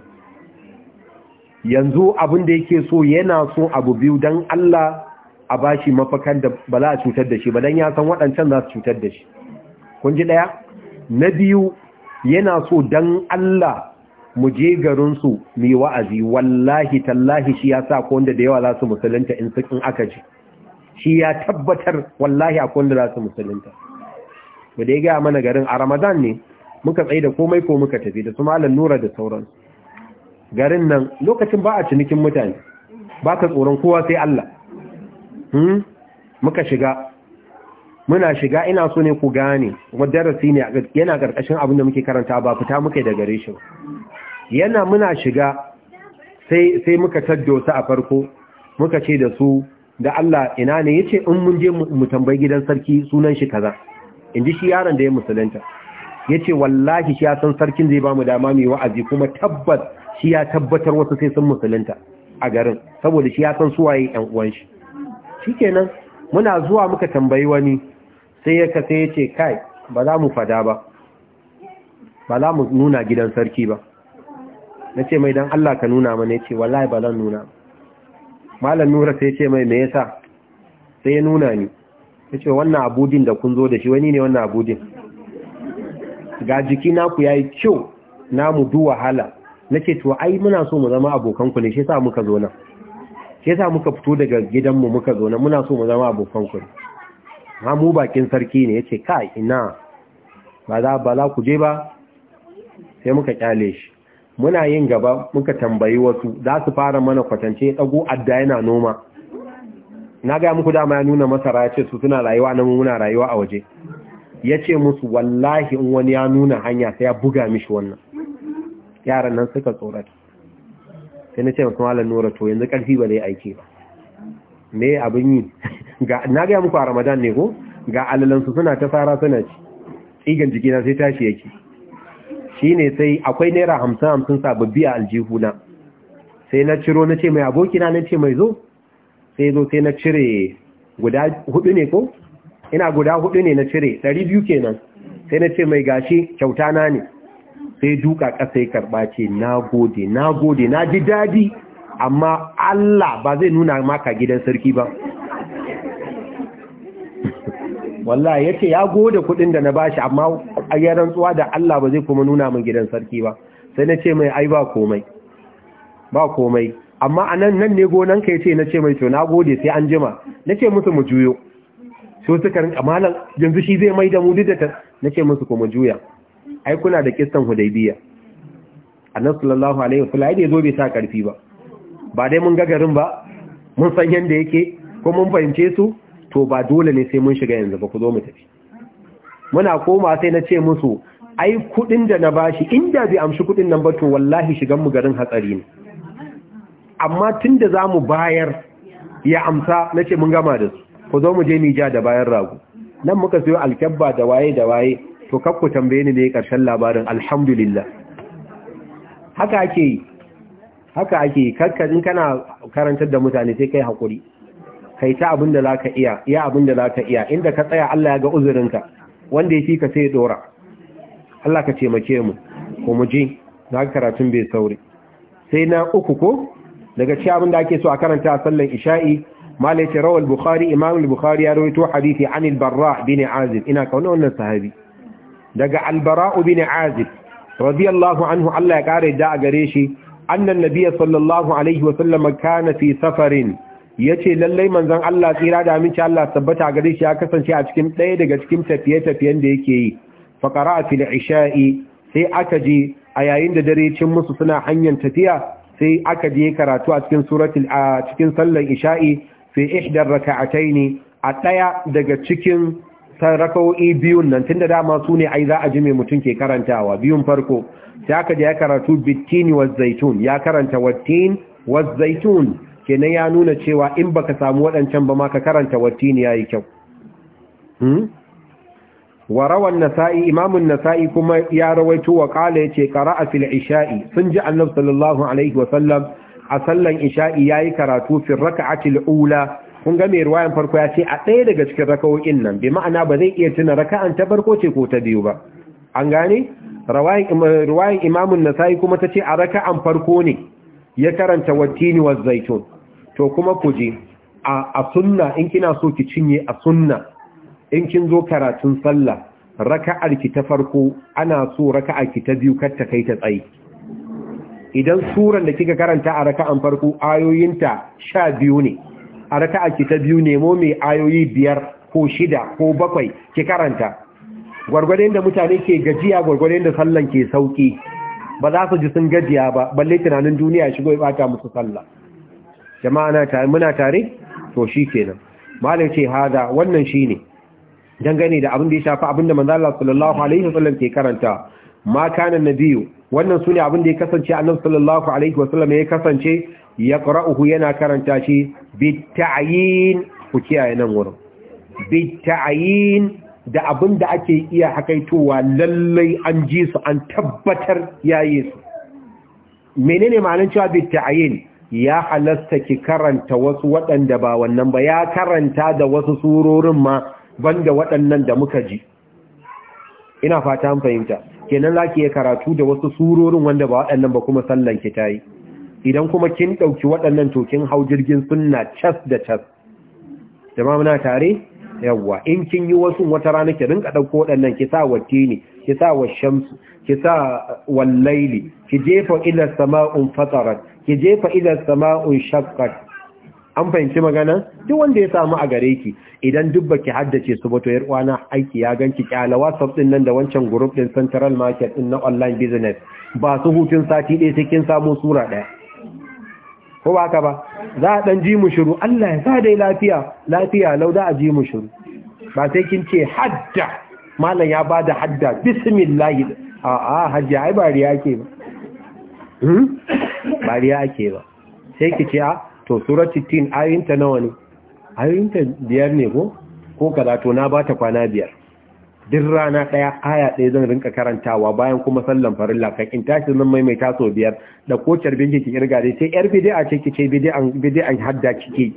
yanzu abin da yake so yana so abu biyu don Allah a bashi mafakan da ba za a cutar da shi ba don ya san waɗancan za su cutar da shi kun ji ɗaya na biyu yana so don Allah mu je garinsu mai wa'azi wallahi tallahi shi ya sa ko wanda da yawa za su musulunta in sukin aka ji shi ya tabbatar wallahi a kowanda za su musulunta ba da ya gaya mana garin a ramadan ne muka tsaye da komai ko muka tafi da su malam nura da sauran garin nan lokacin ba a cinikin mutane ba ka tsoron kowa sai Allah Hmm? muka shiga muna shiga ina so ne ku gane kuma darasi ne yana karkashin abin da muke karanta ba fita muke da gare shi yana muna shiga sai sai muka taddo a farko muka ce da su da Allah ina ne yace in mun je mu tambayi gidan sarki sunan shi kaza In ji shi yaron da ya musulunta yace wallahi shi ya san sarkin zai ba mu dama mu wa'azi kuma tabbas shi ya tabbatar wasu sai sun musulunta a garin saboda shi ya san suwaye yan uwan shi shikenan muna zuwa muka tambayi wani sai ya kace ya ce kai ba za mu fada ba ba za mu nuna gidan sarki ba na ce mai don Allah ka nuna mana ya ce wallahi ba zan nuna malam nura sai ce mai me yasa sai ya nuna ni ya ce wannan abudin da kun zo da shi wani ne wannan abudin ga jiki na ya yi kyau namu du wahala nace to ai muna so mu zama abokanku ne shi sa muka zo nan Kesa yasa muka fito daga gidanmu muka zo muna so mu zama abokan ku ha mu bakin sarki ne yace kai ina ba za ba za ku je ba sai muka kyale shi muna yin gaba muka tambayi wasu za su fara mana kwatance dago adda yana noma na ga muku dama ya nuna masara yace su suna rayuwa nan muna rayuwa a waje Yace musu wallahi in wani ya nuna hanya sai ya buga mishi wannan yaran nan suka tsorata sai na ce masu malar nura to yanzu ƙarfi ba zai aiki ba me abin yi na gaya muku a ramadan ne ko ga alalansu suna ta fara suna ci tsigan jikina sai tashi yake shi ne sai akwai naira hamsin hamsin sababbi a aljihuna sai na ciro na ce mai abokina na ce mai zo sai zo sai na cire guda hudu ne ko ina guda hudu ne na cire ɗari biyu kenan sai na ce mai gashi kyauta na ne sai duka ƙasa ya karɓa ce na gode na gode na ji daɗi amma Allah ba zai nuna maka gidan sarki ba ya ce ya gode kuɗin da na bashi amma a yaran rantsuwa da Allah ba zai kuma nuna min gidan sarki ba sai na ce mai ai ba komai ba komai amma a nan ne gonan ka ce na ce mai to na gode sai an jima ce musu mu juyo so suka rinka malam yanzu shi zai mai da mu duk da ce musu kuma juya ai kuna da kistan hudaybiya annabi sallallahu alaihi wasallam ai zo bai sa karfi ba ba dai mun ga garin ba mun san yanda yake ko mun fahimce su to ba dole ne sai mun shiga yanzu ba ku zo mu tafi muna koma sai na ce musu ai kudin da na bashi inda bai amshi kudin nan ba to wallahi shigan mu garin hatsari ne amma tunda zamu bayar ya amsa nace mun gama da su ku zo mu je mija da bayan rago nan muka siyo alkabba da waye da waye to ku tambaye ni ne karshen labarin alhamdulillah haka ake yi haka ake yi kakka in kana karantar da mutane sai kai hakuri kai ta abin zaka iya ya abin zaka iya inda ka tsaya Allah ya ga uzurinka wanda ya ka sai dora Allah ka taimake mu ko mu ji na karatun bai sauri sai na uku ko daga ci abin da ake so a karanta a sallan isha'i malai Rawal bukhari imam bukhari ya rawaito hadisi anil barra bin azib ina kauna wannan sahabi daga albara'u bin azib radiyallahu anhu Allah ya kara da a gare shi annan nabiyya sallallahu alaihi wa sallam kana fi safarin yace lallai manzon Allah tsira da aminci Allah tabbata gare shi ya kasance a cikin ɗaya daga cikin tafiye-tafiyen da yake yi fa a fil isha'i sai aka ji a yayin da dare cin musu suna hanyar tafiya sai aka je karatu a cikin suratul a cikin sallar isha'i fi ihdar raka'ataini a ɗaya daga cikin san raka'o'i biyun nan tunda dama su ne ai za a ji mai mutum ke karantawa biyun farko sai aka je ya karatu bittini wa zaitun ya karanta wattin wa zaitun kenan ya nuna cewa in baka samu wadancan ba ma ka karanta wattin yayi kyau hmm wa rawan nasa'i imamun nasa'i kuma ya rawaito wa qala yace qara'a fil isha'i sun ji annabi sallallahu alaihi wa sallam a sallan isha'i yayi karatu fil raka'atil ula kun ga mai ruwayan farko ya ce a ɗaya daga cikin raka'o'in nan bi ma'ana ba zai iya tuna raka'an ta farko ce ko ta biyu ba an gane ruwayan imamun yi kuma ta ce a raka'an farko ne ya karanta wattini wa zaitun to kuma ku je a sunna in kina so ki cinye a sunna in kin zo karatun sallah raka'ar ki ta farko ana so raka'ar ki ta biyu kar ta kai ta tsayi idan suran da kika karanta a raka'an farko ayoyinta sha biyu ne a raka'a ki ta biyu nemo mai ayoyi biyar ko shida ko bakwai ki karanta gwargwadon da mutane ke gajiya gwargwadon da sallan ke sauki ba za su ji sun gajiya ba balle tunanin duniya shigo ya bata musu sallah jama'a na tare muna tare to shikenan malam ce hada wannan shine dangane da abin da ya shafi abin da manzo Allah sallallahu alaihi wasallam ke karanta ma kana nabiyu wannan sune abin da ya kasance annabi sallallahu alaihi wasallam ya kasance yaqra'uhu yana karanta shi bit'ayin ku kiyaye nan wurin bit'ayin da abin da ake iya hakaitowa lallai an ji su an tabbatar yayi su menene ma'anin cewa bit'ayin ya halasta ki karanta wasu waɗanda ba wannan ba ya karanta da wasu surorin ma banda waɗannan da muka ji ina fata an fahimta kenan zaki ya karatu da wasu surorin wanda ba waɗannan ba kuma sallan ki tayi idan kuma kin ɗauki waɗannan to hau jirgin sunna cas da cas jama'a muna tare yawwa in kin yi wasu wata rana ki rinka ɗauko waɗannan ki sa wa tini ki sa wa shamsu ki sa wa laili ki jefa ila sama'un fatarat ki jefa ila sama'un shakkat. an fahimci magana duk wanda ya samu a gare ki idan duk baki haddace su bato yar uwana aiki ya ganki kyala WhatsApp din nan da wancan group din Central Market ɗin na online business ba su hutun sati ɗaya sai kin samu sura ɗaya ko ba ka ba za a ɗan ji mu shiru Allah ya sa dai lafiya lafiya lau da a ji mu shiru ba sai kin ce hadda malam ya ba da hadda bismillah a a hajji ai ba riya ke ba hmm? ba riya ke ba sai ki ce a to surat 16 ayinta nawa ne ayinta biyar ne ko ko to na ba ta kwana biyar duk rana ɗaya aya ɗaya zan rinka karantawa bayan kuma sallan farin kan in tashi zan maimaita sau biyar da ko carbin ki irga dai sai yar a ce ki ce an hadda kike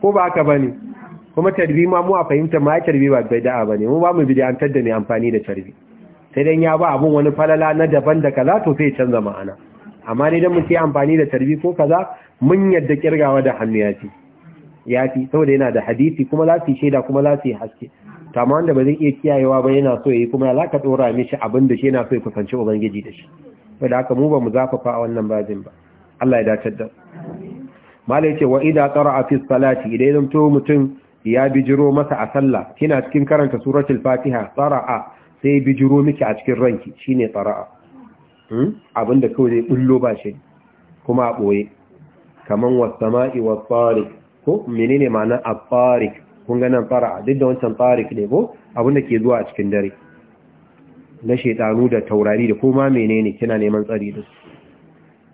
ko ba haka bane kuma tarbi ma mu a fahimta ma ya tarbi ba da'a bane mu ba mu an da mai amfani da tarbi sai dan ya ba abun wani falala na daban da kaza to sai canza ma'ana amma ne dan muke amfani da tarbi ko kaza mun yadda kirgawa da hannu ya fi ya fi saboda yana da hadisi kuma za su shaida kuma za su yi haske amma wanda ba zai iya kiyayewa ba yana so yi kuma alaka dora mishi abin da shi yana so ya kusanci ubangiji da shi saboda haka mu ba mu zafafa a wannan bazin ba Allah ya dace da malai ce wa idza qara'a fi salati idan to mutum ya bijiro masa a sallah kina cikin karanta suratul fatiha a sai bijiro miki a cikin ranki shine qara'a hmm? abinda kawai zai bullo ba shi kuma a boye kaman was sama'i was tariq ko menene ma'ana a tariq kun ga nan fara duk da wancan tsarik ne ko abin da ke zuwa a cikin dare na shaitanu da taurari da kuma menene kina neman tsari da su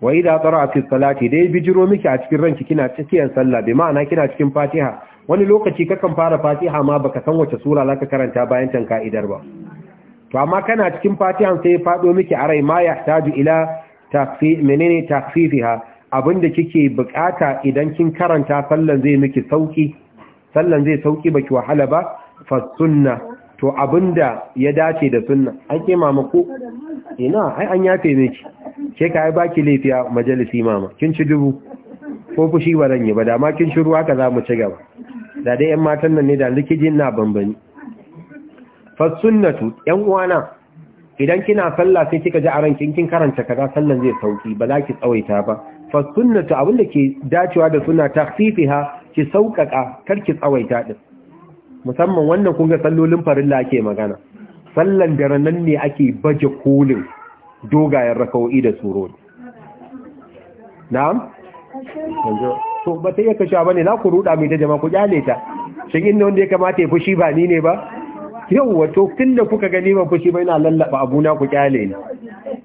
wa idza tara fi salati dai bijiro miki a cikin ranki kina cikin sallah bi ma'ana kina cikin fatiha wani lokaci kakan fara fatiha ma baka san wace sura zaka karanta bayan tan ka'idar ba to amma kana cikin fatihan sai ya fado miki a rai ma yahtaju ila takfi menene takfifiha abinda kike bukata idan kin karanta sallan zai miki sauki sallan zai sauki baki wahala ba fa sunna to abinda ya dace da sunna an ke mama ko ina ai an yafe ki ke ka ba baki lafiya majalisi mama kin ci dubu ko fushi ba ranye ba da ma kin shiru haka za mu ci gaba da dai yan matan nan ne da likijin na bambani fa sunnatu yan uwana idan kina sallah sai kika ji a kin kin karanta kaza sallan zai sauki ba za ki tsawaita ba fa sunnatu abinda ke dacewa da sunna takhfifiha ki sauƙaƙa kar ki tsawaita din musamman wannan kun ga sallolin farilla ake magana sallan daren ne ake baje kolin dogayen raka'o'i da surori na'am to ba ta iya kasha bane na ku ruda mai ta jama'a ku kyale ta shin inda wanda ya kamata ya fushi ba ni ne ba yau wato da kuka gani ba fushi ba ina lallaba abuna ku kyale ni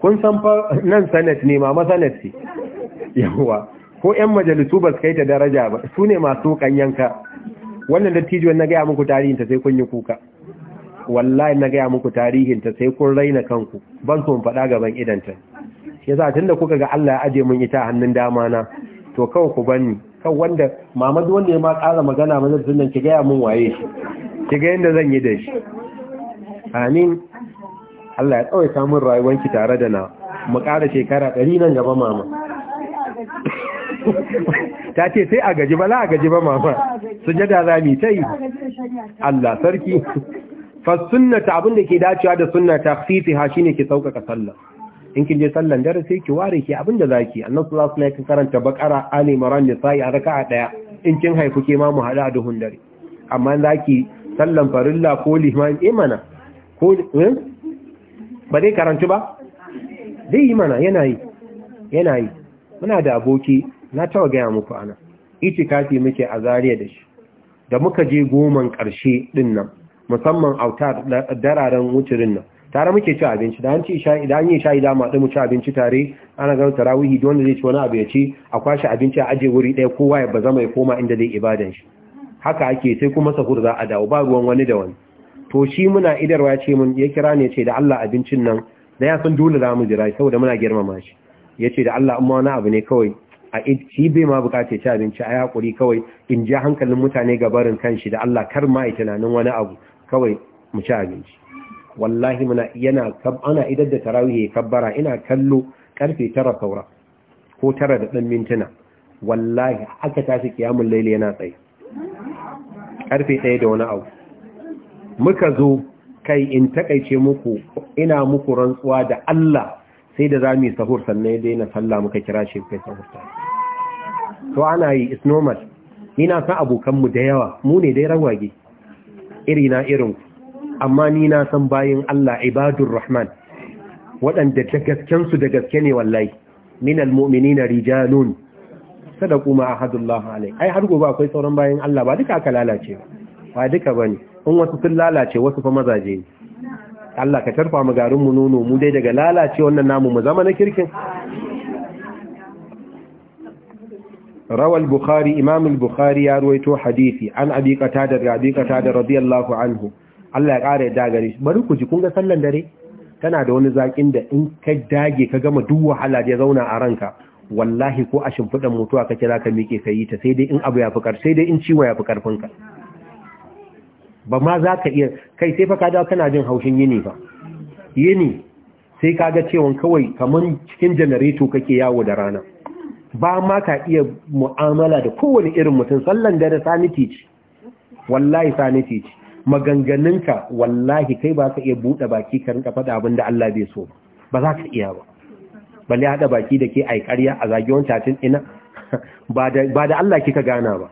kun san nan sanat ne ma yawa ko 'yan majalisu ba su kai ta daraja ba su ne masu kanyanka wannan dattijuwan na gaya muku tarihinta sai kun yi kuka wallahi na gaya muku tarihinta sai kun raina kanku ban so faɗa gaban idanta ya sa tun da kuka ga Allah ya aje mun ita hannun dama na to kawai ku banni kan wanda mamadu wanda ya ma ƙara magana mazarsun nan ki gaya mun waye shi ki ga yadda zan yi da shi amin Allah ya tsawai samun rayuwanki tare da na mu ƙara shekara ɗari nan gaba mama ta ce sai a gaji ba za a gaji ba mama sujada za mu ta yi Allah sarki fa sunnata abin da ke dacewa da sunna takhsisi ha shine ki sauƙaƙa sallah in kin je sallar dare sai ki ware ki abin da zaki annabi sallallahu alaihi wasallam karanta bakara ali imran nisa'i a raka'a daya in kin haifu ke ma mu hada da duhun dare amma zaki sallan farilla ko liman imana eh ko eh? ba dai karantu ba dai imana yana yi yana yi muna da aboki na tawa gaya muku ana itikafi muke a zariya da shi da muka je goman ƙarshe ɗin nan musamman autar dararen wucirin nan tare muke ci abinci da an ci da an yi mu ci abinci tare ana ganin tarawihi don wanda zai ci wani abu ya ci a kwashe abinci a aje wuri ɗaya kowa ya zama ya koma inda zai ibadan shi haka ake sai kuma sahur za a dawo ba ruwan wani da wani to shi muna idarwa ya ce mun ya kira ne ce da Allah abincin nan da ya san dole za mu jira saboda muna girmama shi ya ce da Allah amma wani abu ne kawai a shi bai ma bukace ci abinci a hakuri kawai in ji hankalin mutane ga barin kanshi da Allah kar ma yi tunanin wani abu kawai mu ci abinci wallahi muna yana ana idar da tarawih ya kabbara ina kallo karfe tara saura ko tara da ɗan mintuna wallahi aka tashi kiyamul laili yana tsaye karfe ɗaya da wani abu muka zo kai in takaice muku ina muku rantsuwa da Allah sai da za mu yi sahur sannan ya daina sallah muka kira shi kai sahur ta to ana yi it's normal ni na san abokanmu da yawa mu ne dai ragwage iri na irin amma ni na san bayin Allah ibadur rahman waɗanda da gasken su da gaske ne wallahi min mu'minina rijalun sadaqu ma ahadullah alai ai har gobe akwai sauran bayin Allah ba duka aka lalace ba duka bane in wasu sun lalace wasu fa mazaje ne Allah ka tarfa mu garin mu nono mu dai daga lalace wannan namu mu zama na kirkin rawal bukhari imam al-bukhari ya ruwaito hadisi an abi qatada da abi qatada radiyallahu anhu Allah ya kare da gare shi bari ku ji kun ga sallan dare tana da wani zakin da in ka dage ka gama duk wahala da ya zauna a ranka wallahi ko a shimfidan mutuwa kake ka miƙe kai ta sai dai in abu ya fi sai dai in ciwo ya fi karfin ka ba ma za ka iya kai sai fa ka dawo kana jin haushin yini ba yini sai ka ga cewa kawai kamar cikin janareto kake yawo da rana ba ma ka iya mu'amala da kowane irin mutum sallan dare saniti ce wallahi saniti ce maganganunka wallahi kai ba ka iya buɗe baki ka rinka faɗa abin da Allah bai so ba za ka iya ba balle haɗa baki da ke aikarya a zagi wancan ina ba da Allah kika gana ba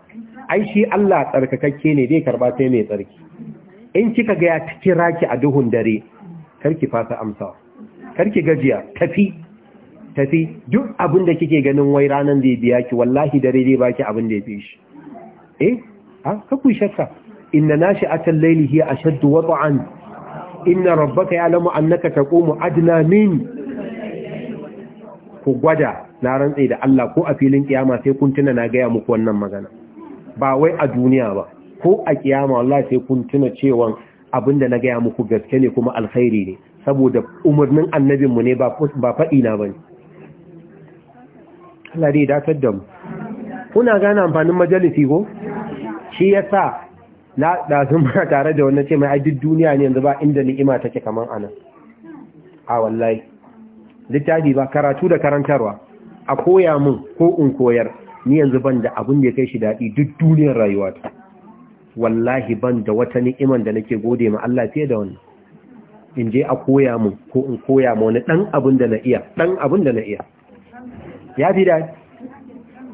ai shi Allah tsarkakakke ne dai karba sai mai tsarki in kika ga ya kira ki a duhun dare karki fasa amsa karki gajiya tafi tafi duk abin da kike ganin wai ranan zai biya ki wallahi dare zai baki abin da ya fi shi eh ka kaku shakka inna nashi'atal layli hiya ashaddu wad'an inna rabbaka ya'lamu annaka taqumu adna min ku gwada na rantse da Allah ko a filin kiyama sai kun tuna na gaya muku wannan magana ba wai a duniya ba ko a kiyama wallahi sai kun tuna cewa abinda na gaya muku gaske ne kuma alkhairi ne saboda umarnin annabin mu ne ba ba fadi na bane Allah dai datar da mu kuna gane amfanin majalisi ko shi yasa na da sun ba tare da wannan ce mai ai duk duniya ne yanzu ba inda ni'ima take kaman anan a wallahi littafi ba karatu da karantarwa a koya mun ko in koyar ni yanzu ban da abin da ya kai shi daɗi duk duniyar rayuwata wallahi ban da wata ni'iman da nake gode ma Allah fiye da wannan in je a koya mu ko in koya mu wani ɗan abin da na iya dan abin da na iya ya fi da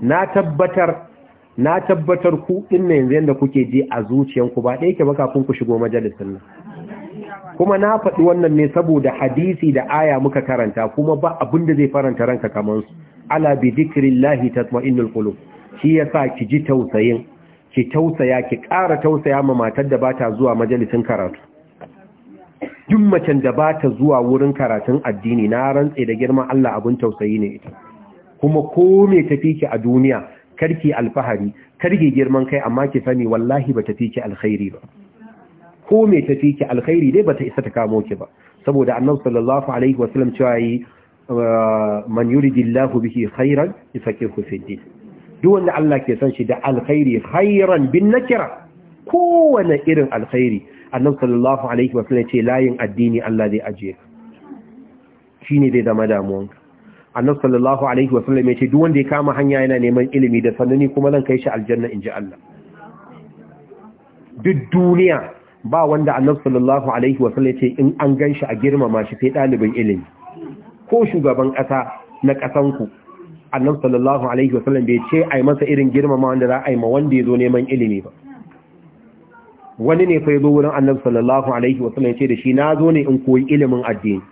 na tabbatar na tabbatar ku ɗin na yanzu yadda kuke je a zuciyanku ba ɗaya ke ba kafin ku shigo majalisin nan kuma na faɗi wannan ne saboda hadisi da aya muka karanta kuma ba abin da zai faranta ranka kamar su ala bi dhikrillahi tatma'innul qulub shi yasa ki ji tausayin ki tausaya ki ƙara tausaya ma matar da bata zuwa majalisin karatu duk macen da bata zuwa wurin karatun addini na rantse da girman Allah abun tausayi ne ita kuma ko me tafi ki a duniya karki alfahari karki girman kai amma ki sani wallahi ba tafi ki alkhairi ba ko me tafi ki alkhairi dai bata isa ta kamo ki ba saboda annabi sallallahu alaihi wasallam cewa yi man yuridillahu bihi khairan yafaqihu fi din duk wanda Allah ke san shi da alkhairi khairan bin nakira kowane irin alkhairi annabi sallallahu alaihi wasallam ce layin addini Allah zai ajiye shine zai zama damuwanka annabi sallallahu alaihi wasallam yace duk wanda ya kama hanya yana neman ilimi da sanani kuma zan kai shi aljanna inji Allah duk duniya ba wanda annabi sallallahu alaihi wasallam yace in an ganshi a girmama shi sai dalibin ilimi ko shugaban ƙasa na ƙasanku annabi sallallahu alaihi wasallam bai ce ai masa irin girmama wanda za a yi ma wanda ya zo neman ilimi ba wani ne fa ya zo wurin annabi sallallahu alaihi wasallam ya ce da shi na zo ne in koyi ilimin addini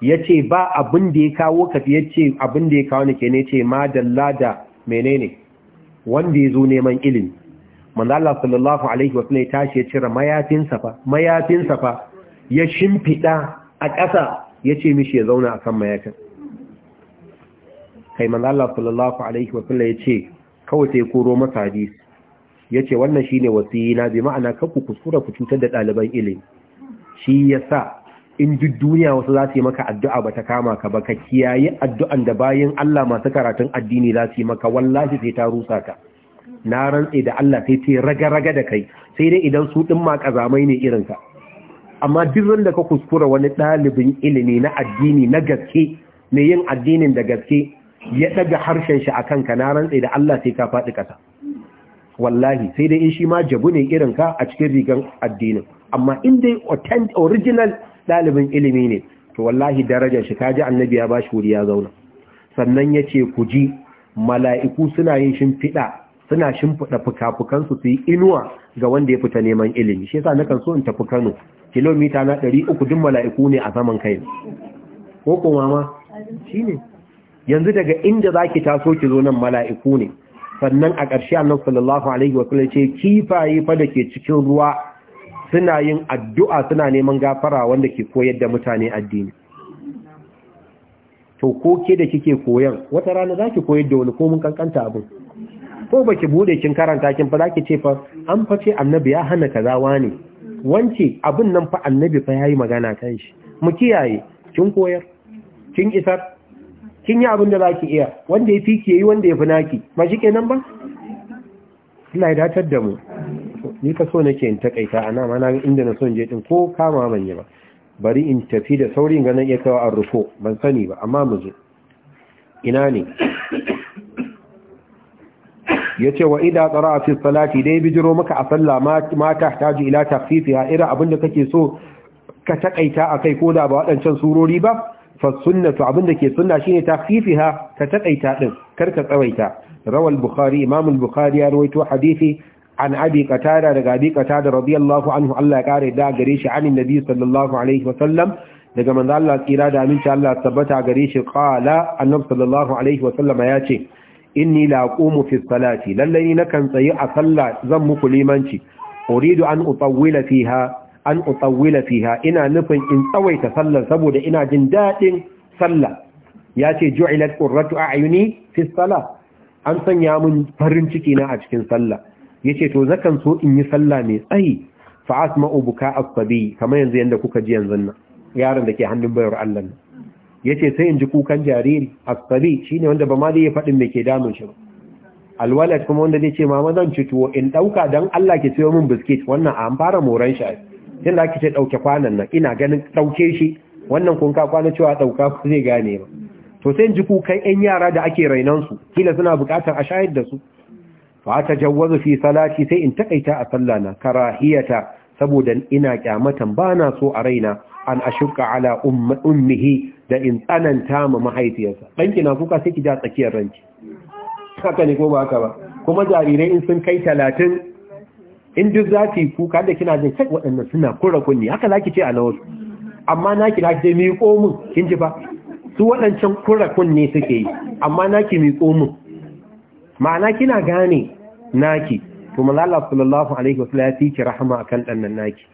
ya ce ba abin da ya kawo ka ya ce abin da ya kawo ni ke ne ce ma dalla da menene wanda ya zo neman ilimi manzo Allah sallallahu alaihi wasallam ya tashi ya cire mayafinsa fa mayafinsa fa ya shimfida a ƙasa ya ce mishi ya zauna a kan mayakan kai manzo Allah sallallahu alaihi wa sallam ya ce kawai sai koro masa hadisi ya ce wannan shine ne wasiyina bi ma'ana ku kuskura ku cutar da ɗaliban ilimi shi ya in duk duniya wasu za su yi maka addu'a ba ta kama ka ba ka kiyaye addu'an da bayan Allah masu karatun addini za su yi maka wallahi sai ta rusa ka na rantse da Allah sai yi raga-raga da kai sai dai idan su ɗin ma ƙazamai ne ka. amma duk da ka kuskura wani ɗalibin ilimi na addini na gaske mai yin addinin da gaske ya ɗaga harshen shi a kanka na rantse da Allah sai ka faɗi ƙasa wallahi sai dai in shi ma jabu ne irin ka a cikin rigan addinin amma in dai original ɗalibin ilimi ne to wallahi darajar shi ji annabi ya ba shi wuri ya zauna sannan ya ce ku ji mala'iku suna yin shimfiɗa suna shimfiɗa fuka-fukansu su yi inuwa ga wanda ya fita neman ilimi shi yasa nakan so in tafi Kano kilomita na 300 duk mala'iku ne a zaman kai ko ko mama shine yanzu daga inda zaki taso ki zo nan mala'iku ne sannan a ƙarshe annabi sallallahu alaihi sallam ce kifaye fa da ke cikin ruwa suna yin addu'a suna neman gafara wanda ke koyar da mutane addini to ko ke da kike koyan wata rana zaki koyar da wani ko mun kankanta abin ko baki bude kin karanta kin fa zaki ce fa an fa ce annabi ya hana kaza wani wance abin nan fa annabi fa yayi magana kan shi mu kiyaye kin koyar kin isar kin yi abin da zaki iya wanda ya fi ki yayi wanda ya fi naki ba shi kenan ba Allah ya datar da mu ni ka so nake in takaita ana ma na inda na son je din ko kama ban yi ba bari in tafi da saurin ganin iya kawo an rufo ban sani ba amma mu zo ina ne ya ce wa ida tsara fi salati dai bijiro maka a sallah ta ji ila takhfifiha ira abinda kake so ka takaita kai ko da ba wadancan surori ba fa sunnatu abinda ke sunna shine takhfifiha ka takaita din kar ka tsawaita rawal bukhari imam bukari bukhari ya rawaito hadisi an abi qatada daga abi qatada radiyallahu anhu Allah ya kare da gare shi anin nabi sallallahu alaihi wasallam daga manzo Allah tsira da aminci Allah tabbata gare shi qala annab sallallahu alaihi wasallam ya ce inni laqumu fi salati lalle ni nakan tsayi a sallah zan muku limanci uridu an utawwila fiha an utawwila fiha ina nufin in tsawaita sallah saboda ina jin dadin sallah yace ju'ilat qurratu a'yuni fi salah an sanya mun farin ciki na a cikin sallah yace to zakan so in yi sallah mai tsayi fa asma'u buka as-sabi kamar yanzu yanda kuka ji yanzu nan yaron da ke hannun bayar Allah Ya ce sai in ji kukan jariri asabi shine wanda ba ma zai faɗin me ke damun shi ba alwalad kuma wanda zai ce mama zan ci tuwo in ɗauka dan Allah ki siyo min biskit wannan an fara moran shi sai da kike dauke kwanan nan ina ganin ɗauke shi wannan kun ka kwana cewa dauka ku zai gane ba to sai in ji kukan ƴan yara da ake rainan su kila suna buƙatar a shayar da su fa ta jawwazu fi salati sai in takaita a sallah na karahiyata saboda ina kyamatan na so a raina an ashukka ala ummihi da in tsananta ma mahaifiyarsa ɗanki na kuka sai ki ja tsakiyar ranki haka ne ko ba haka ba kuma jarirai in sun kai talatin in duk za ki kuka da kina jin sai waɗannan suna kura kunni haka za ki ce a na wasu amma na ki ce miƙo min kin ji ba. su waɗancan kura kunni suke yi amma na ki miƙo min ma'ana kina gane naki to manzo sallallahu alaihi wasallam ya fi ki rahama akan ɗannan naki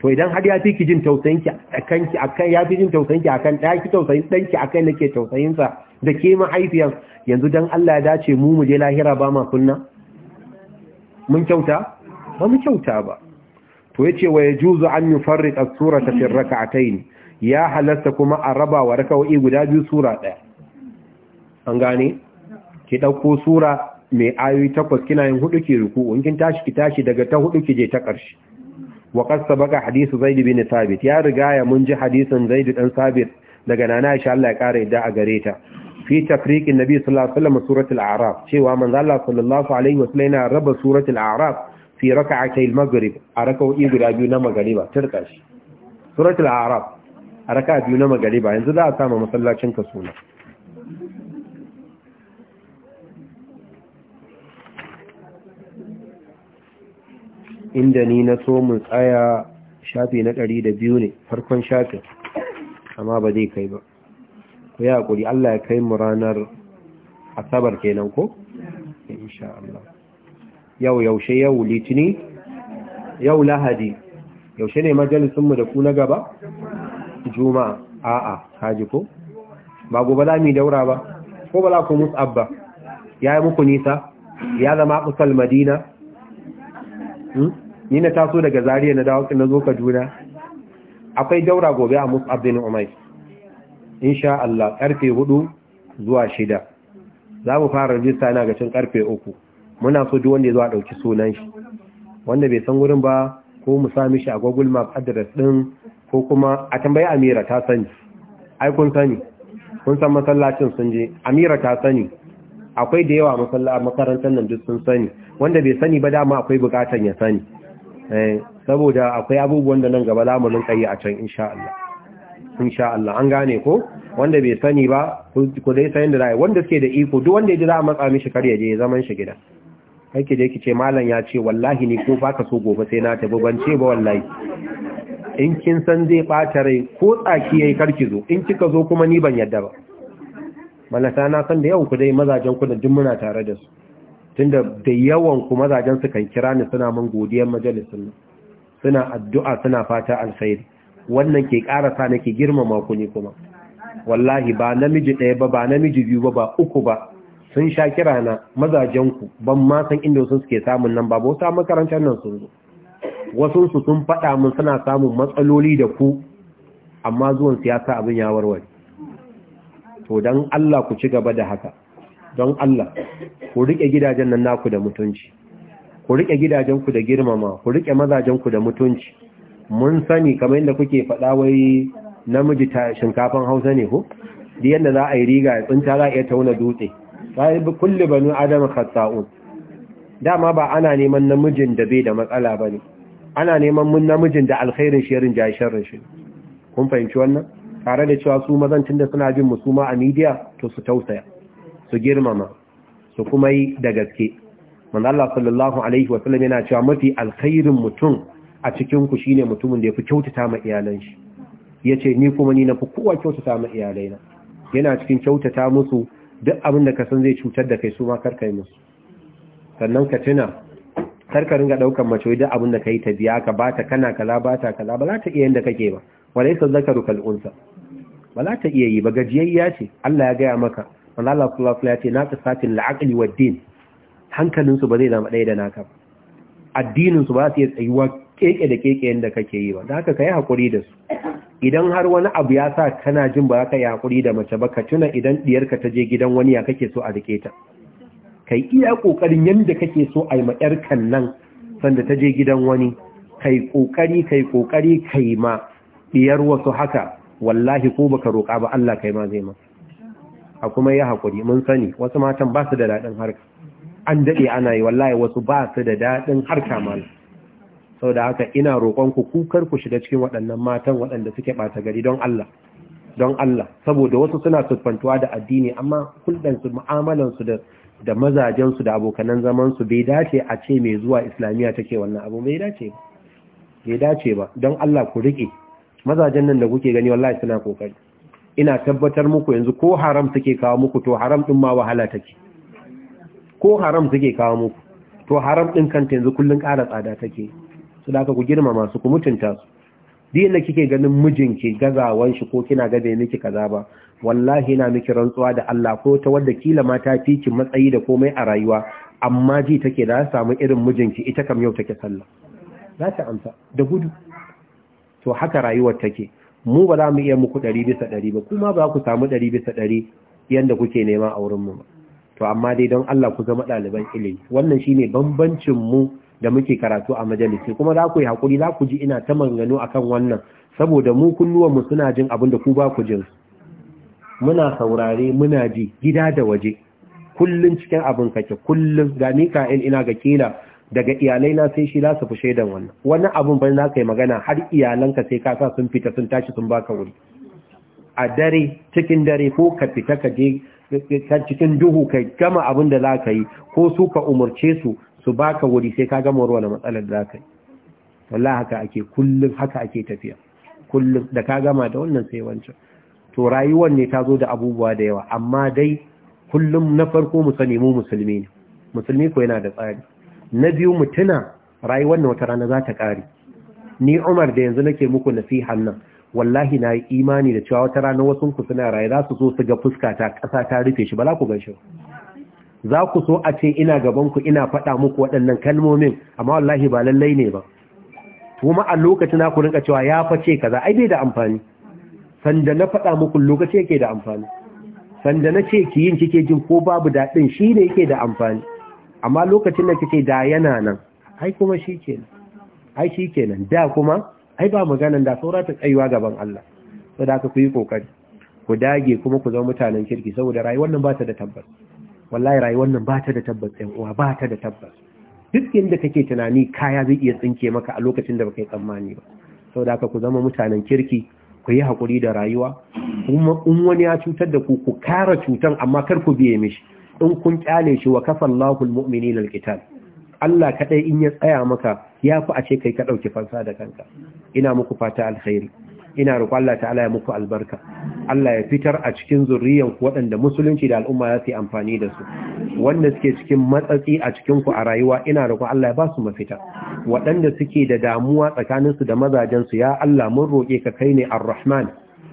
to idan har ya fi jin tausayin a akan ki akan ya fi jin tausayinki akan ɗaya ki tausayin ɗan ki akan nake tausayin sa da ke mahaifiyar yanzu dan Allah ya dace mu muje lahira ba ma sunna mun kyauta ba mu kyauta ba to yace wa yajuzu an yufarriq as-surata fi rak'atayn ya halasta kuma a raba wa raka'o'i guda biyu sura ɗaya an gane ki ɗauko sura mai ayoyi takwas kina yin hudu ki ruku in kin tashi ki tashi daga ta hudu ki je ta ƙarshe wa qad sabaqa hadithu bin thabit ya rigaya mun ji hadisin zaid ɗan thabit daga nana Aisha Allah ya kare da a gare ta fi tafriqin nabi sallallahu alaihi wasallam suratul a'raf cewa manzo Allah sallallahu alaihi wasallam yana raba suratul a'raf fi rak'atay al-maghrib a rak'o'i guda biyu na magriba turka shi suratul a'raf a raka biyu na magariba yanzu za a samu masallacin ka suna inda ni na so mu tsaya shafi na ɗari da biyu ne farkon shafi, amma ba zai kai ba ku yi haƙuri Allah ya kai mu ranar asabar kenan ko? insha Allah yau yaushe yau litini yau lahadi yaushe ne majalisunmu da ku na gaba? juma'a a'a haji ko? ba gobe za mu daura ba ko ba za ku musu abba ya yi muku nisa ya zama kusal madina? Hmm? ni na taso daga zariya na dawo na zo kaduna akwai daura gobe a musu abin umay insha Allah karfe 4 zuwa 6 za mu fara rajista na gacin karfe 3 muna so duk wanda ya zo a dauki sunan shi wanda bai san wurin ba ko mu sami shi a Google Map address din ko kuma a tambayi Amira ta sani ai kun sani kun san masallacin sun je Amira ta sani akwai da yawa makarantar nan duk sun sani wanda bai sani ba dama akwai bukatan ya sani Eh, saboda akwai abubuwan da nan gaba lamunin kai a can insha Allah insha Allah an gane ko wanda bai sani ba ku dai sayin da rai wanda suke da iko duk wanda ya ji za a matsa mishi kar ya je zaman shi gida kake je ki ce malam ya ce wallahi ni ko baka so gobe sai na tafi ban ce ba wallahi in kin san zai bata rai ko tsaki yayi karki zo in kika zo kuma ni ban yadda ba malaka na san da yau ku dai mazajen ku da duk muna tare da su tunda da yawan ku mazajen su kan kira ni suna mun godiyar majalisun suna addu'a suna fata alkhairi wannan ke ƙara sa nake girmama ku ne kuma wallahi ba namiji ɗaya ba ba namiji biyu ba ba uku ba sun sha kira na mazajen ku ban ma san inda su suke samun nan ba ba wasu makarantar nan sun zo wasu su sun faɗa mun suna samun matsaloli da ku amma zuwan siyasa abin ya warware to dan Allah ku ci gaba da haka don Allah ku rike gidajen nan naku da mutunci ku rike ku da girmama ku rike mazajen ku da mutunci mun sani kamar yadda kuke faɗa wai namiji ta shinkafan Hausa ne ko Da yadda za a yi riga ya tsinta za a iya tauna dutse sai kulli banu adam khata'un dama ba ana neman namijin da bai da matsala bane ana neman mun namijin da alkhairin shi ja sharrin shi kun fahimci wannan tare da cewa su mazan tunda suna jin musuma a media to su tausaya su girmama su kuma yi da gaske manzo Allah sallallahu alaihi wa sallam yana cewa mafi alkhairin mutum a cikin ku shine mutumin da yafi kyautata ma iyalan shi yace ni kuma ni nafi kowa kyautata ma iyalaina yana cikin kyautata musu duk abin da ka san zai cutar da kai su ma karka yi musu sannan ka tuna karka ringa daukan mace duk abin da kai ta biya ka bata kana kaza bata kaza ba za ta iya yanda kake ba walaysa zakaru kal unsa ba za ta iya yi ba gajiyayya ce Allah ya gaya maka Allah sallallahu alaihi ya ce wad din hankalin su ba zai zama ɗaya da naka addinin su ba su tsayuwa keke da keke yanda kake yi ba da haka kai hakuri da su idan har wani abu ya sa kana jin ba ka yi hakuri da mace ba ka tuna idan diyarka ta je gidan wani ya kake so a rike ta kai iya kokarin yanda kake so a yi ma kan nan sanda ta je gidan wani kai kokari kai kokari kai ma diyar wasu haka wallahi ko baka roka ba Allah kai ma zai maka a kuma yi haƙuri mun sani wasu matan ba su da daɗin harka an daɗe ana yi wallahi wasu ba su da daɗin harka mana sau da haka ina roƙonku kukar ku shiga cikin waɗannan matan waɗanda suke ɓata gari don Allah don Allah saboda wasu suna sufantuwa da addini amma kuldansu, mu'amalansu da da mazajensu da abokanan zamansu bai dace a ce mai zuwa islamiyya take wannan abu bai dace ba bai dace ba don Allah ku riƙe mazajen nan da kuke gani wallahi suna kokari ina tabbatar muku yanzu ko haram suke kawo muku to haram din ma wahala take ko haram suke kawo muku to haram din kanta yanzu kullun ƙara tsada take su da ku girma masu ku mutunta su din da kike ganin mijinki gazawan shi ko kina gabe miki kaza ba wallahi ina miki rantsuwa da Allah ko ta wanda kila mata, ta fi matsayi da komai a rayuwa amma ji take da samu irin mijinki ita kam yau take sallah za ta amsa da gudu to haka rayuwar take mu ba za mu iya muku ɗari bisa ɗari ba kuma ba ku samu ɗari bisa ɗari yadda kuke nema a wurinmu ba to amma dai don Allah ku zama ɗaliban ilimi wannan shine bambancin mu da muke karatu a majalisi kuma za ku yi haƙuri, za ku ji ina ta mangano kan wannan saboda mu kunnuwan mu suna jin abin da ku ba ku jin muna saurare muna ji gida da waje Kullum cikin abin kake kullum ga ka ina ga kila daga iyalai na sai shi la su fi shaidan wannan wani abun bai na kai magana har iyalan ka sai ka sa sun fita sun tashi sun baka wuri a dare cikin dare ko ka fita ka je cikin duhu kai, gama abin da za ka yi ko su ka umarce su su baka wuri sai ka gama ruwa matsalar da za ka yi haka ake kullum haka ake tafiya kullum da ka gama da wannan sai wancan to rayuwar ne ta zo da abubuwa da yawa amma dai kullum na farko mu sani mu musulmi ne musulmi ko yana da tsari na biyu mutuna tuna rayuwar wata rana za ta ƙare ni Umar da yanzu nake muku nasihan nan wallahi na yi imani da cewa wata rana wasu ku suna rayu za su zo su ga fuska ta ƙasa ta rufe shi ba za ku gan shi za ku so a ce ina gaban ku ina faɗa muku waɗannan kalmomin amma wallahi ba lallai ne ba kuma a lokacin na ku rinka cewa ya face kaza ai bai da amfani sanda na faɗa muku lokaci yake da amfani sanda na ce ki yin kike jin ko babu daɗin shi ne yake da amfani amma lokacin da kake da yana nan ai kuma shikenan ai shikenan da kuma ai ba maganan da saura ta tsayuwa gaban Allah saboda haka ku yi kokari ku dage kuma ku zama mutanen kirki saboda rayuwar nan ba ta da tabbas wallahi rayuwar nan ba ta da tabbas ɗan uwa ba ta da tabbas duk inda kake tunani kaya zai iya tsinke maka a lokacin da baka yi tsammani ba saboda haka ku zama mutanen kirki ku yi haƙuri da rayuwa kuma in wani ya cutar da ku ku kara cutan amma kar ku biye mishi in kun kyale shi wa kafallahu almu'minina alqital Allah kadai in ya tsaya maka yafi a ce kai ka dauki fansa da kanka ina muku fata alkhairi ina roƙo Allah ta'ala ya muku albarka Allah ya fitar a cikin zurriyan ku waɗanda musulunci da al'umma ya su amfani da su wanda suke cikin matsatsi a cikin ku a rayuwa ina roƙo Allah ya ba su mafita waɗanda suke da damuwa tsakanin su da mazajen su ya Allah mun roƙe ka kai ne Ar-Rahman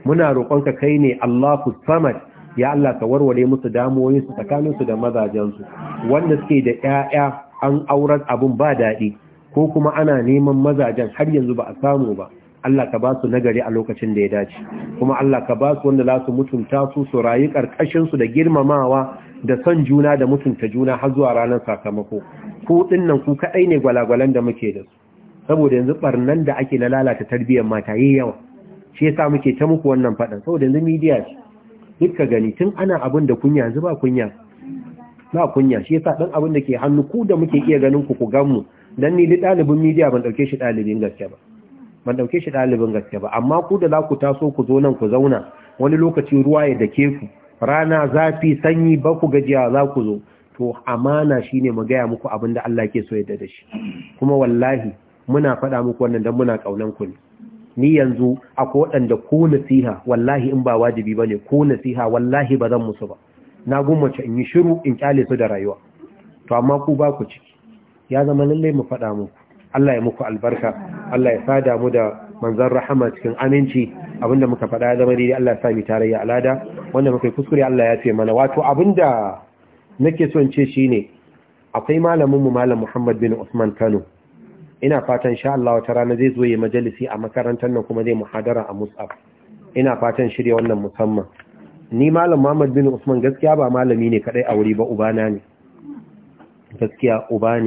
muna roƙon ka kai ne Allahu Samad ya Allah ka warware musu damuwoyin su tsakanin su da mazajen su wanda suke da ƴaƴa an auren abun ba daɗi ko kuma ana neman mazajen har yanzu ba a samu ba Allah ka ba su nagari a lokacin da ya dace kuma Allah ka ba su wanda za su mutunta su su rayu karkashin su da girmamawa da son juna da mutunta juna har zuwa ranar sakamako ku dinnan ku kadai ne gwalagwalan da muke da su saboda yanzu barnan da ake na lalata tarbiyyar mata yayi yawa shi yasa muke ta muku wannan fadan saboda yanzu media ce duk gani tun ana abin da kunya yanzu ba kunya ba kunya shi yasa dan abin da ke hannu ku da muke iya ganin ku ku gan mu dan ni li dalibin media ban dauke shi dalibin gaske ba ban dauke shi dalibin gaske ba amma ku da za ku taso ku zo nan ku zauna wani lokaci ruwa ya dake ku rana zafi sanyi ba ku gajiya za ku zo to amana shi ne mu gaya muku abin da Allah ke so ya da shi kuma wallahi muna faɗa muku wannan dan muna kaunan ku ne ni yanzu akwai waɗanda ko nasiha wallahi in ba wajibi ba ne ko nasiha wallahi ba zan musu ba na gummace in yi shiru in kyale su da rayuwa to amma ku ba ku ciki ya zama lallai mu faɗa muku Allah ya muku albarka Allah ya sada mu da manzan rahama cikin aminci abinda muka faɗa zama daidai Allah ya sa mu tarayya alada wanda muka yi kuskure Allah ya ce mana wato abinda nake so in ce shine akwai malamin mu malam Muhammad bin Usman Kano ina fatan sha Allah wata rana zai zo yi majalisi a makarantar nan kuma zai muhadara a mus'ab ina fatan shirya wannan musamman ni malam Muhammad bin Usman gaskiya ba malami ne kadai a wuri ba ubana ne gaskiya uba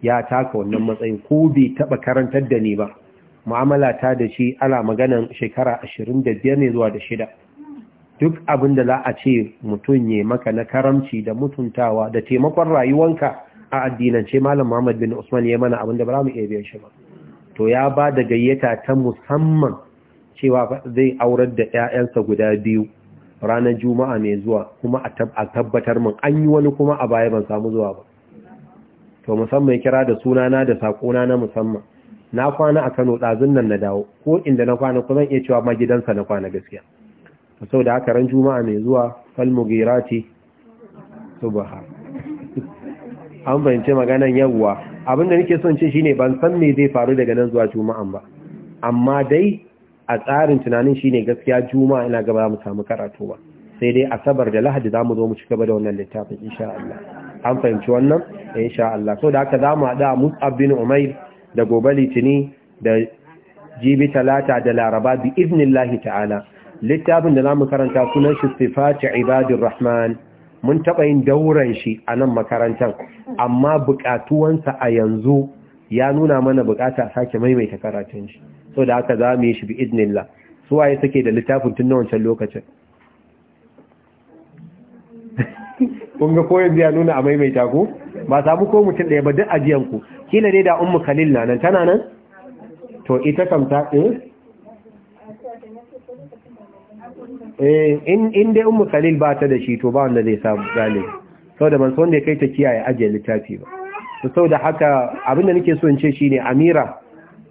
ya taka wannan matsayin ko bai taba karantar da ni ba mu'amala ta da shi ala maganan shekara 25 ne zuwa da shida duk abin da za a ce mutum ya maka na karamci da mutuntawa da taimakon rayuwanka a addinance malam Muhammad bin Usman ya mana abinda ba mu iya biyan shi ba to ya ba da gayyata ta musamman cewa zai aurar da ƴaƴansa guda biyu ranar juma'a mai zuwa kuma a tabbatar min an yi wani kuma a baya ban samu zuwa ba to musamman ya kira da sunana da sakona na musamman na kwana a Kano ɗazun nan na dawo ko inda na kwana kuma zan iya cewa ma gidansa na kwana gaskiya da haka ran juma'a mai zuwa falmugirati subhana an fahimci maganan yawwa abinda nake son ce shine ban san me zai faru daga nan zuwa juma'an ba amma dai a tsarin tunanin shine gaskiya juma'a ina gaba mu samu karatu ba sai dai asabar da lahadi zamu zo mu ci gaba da wannan littafin insha Allah an fahimci wannan eh, insha Allah so da haka zamu hada Mus'ab bin Umair da gobe litini da jibi talata da laraba bi iznillahi ta'ala littafin da zamu karanta sunan shi sifati ibadir rahman mun taɓa yin dauran shi a nan makarantar amma buƙatuwansa a yanzu ya nuna mana buƙata sake maimaita karatun shi so da haka za mu yi shi bi idnillah su waye suke da littafin tun na wancan lokacin kun ga koyon ya nuna a maimaita ku ba samu ko mutum ɗaya ba duk ajiyanku kila dai da ummu khalil na nan tana nan to ita kam ta eh Eh, in dai ummu khalil ba ta da shi to ba wanda zai samu galibi da ban san ya kai ta kiyaye ajiye littafi ba to da haka abinda nake so in ce ne, amira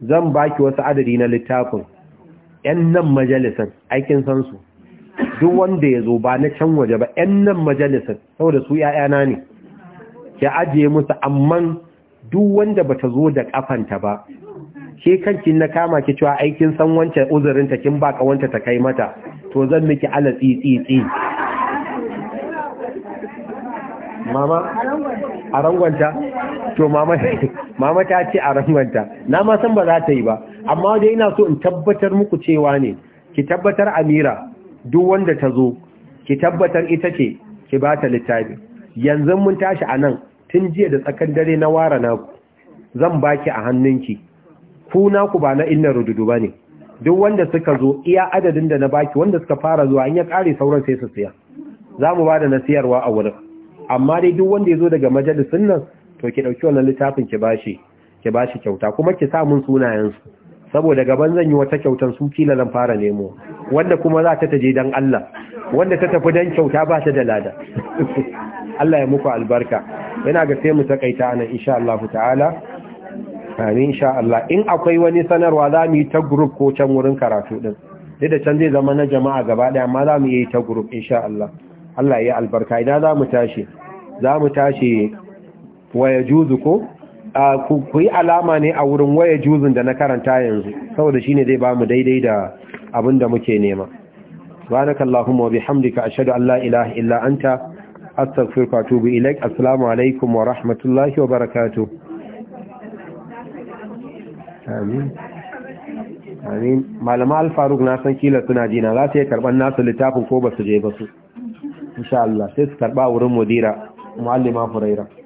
zan baki wasu adadi na littafin yan nan majalisan aikin sansu, su duk wanda ya zo ba na can waje ba yan nan majalisan da su ya'yana ne ki ajiye musu amma duk wanda bata zo da kafanta ba ke kanki na kama ki cewa aikin san wancan uzurin ta kin baka wanta ta kai mata to zan miki ala tsitsi mama a to mama mama ta ce a rangwanta na ma san ba za ta yi ba amma dai ina so in tabbatar muku cewa ne ki tabbatar amira duk wanda ta zo ki tabbatar ita ce ki ba ta littafi yanzu mun tashi anan, tun jiya da tsakan dare na wara naku zan baki a hannunki ku ku ba na inna rududu ba ne duk wanda suka zo iya adadin da na baki wanda suka fara zuwa in ya kare sauran sai su siya za mu ba da na siyarwa a wurin amma dai duk wanda ya zo daga majalisun nan to ki ɗauki wannan littafin ki bashi ki bashi kyauta kuma ki sa mun sunayensu saboda gaban zan yi wata kyautan su kila zan fara nemo wanda kuma za ta taje dan Allah wanda ta tafi dan kyauta ba ta da lada Allah ya muku albarka yana ga sai mu takaita anan insha Allah ta'ala amin sha Allah in akwai wani sanarwa za mu yi ta group ko can wurin karatu din duk da can zai zama na jama'a gaba daya amma za mu yi ta group insha Allah Allah ya albarka ina za mu tashi za mu tashi waya juzu ko ku yi alama ne a wurin waya juzun da na karanta yanzu saboda shine zai ba mu daidai da abin da muke nema subhanakallahumma wa bihamdika ashhadu an la ilaha illa anta astaghfiruka wa atubu ilaik assalamu alaikum wa rahmatullahi amin amin malama alfaruk na san kila suna jina za su yi karɓar nasu littafin ko ba su je ba su insha Allah sai su karɓa wurin mudira mu'allima furaira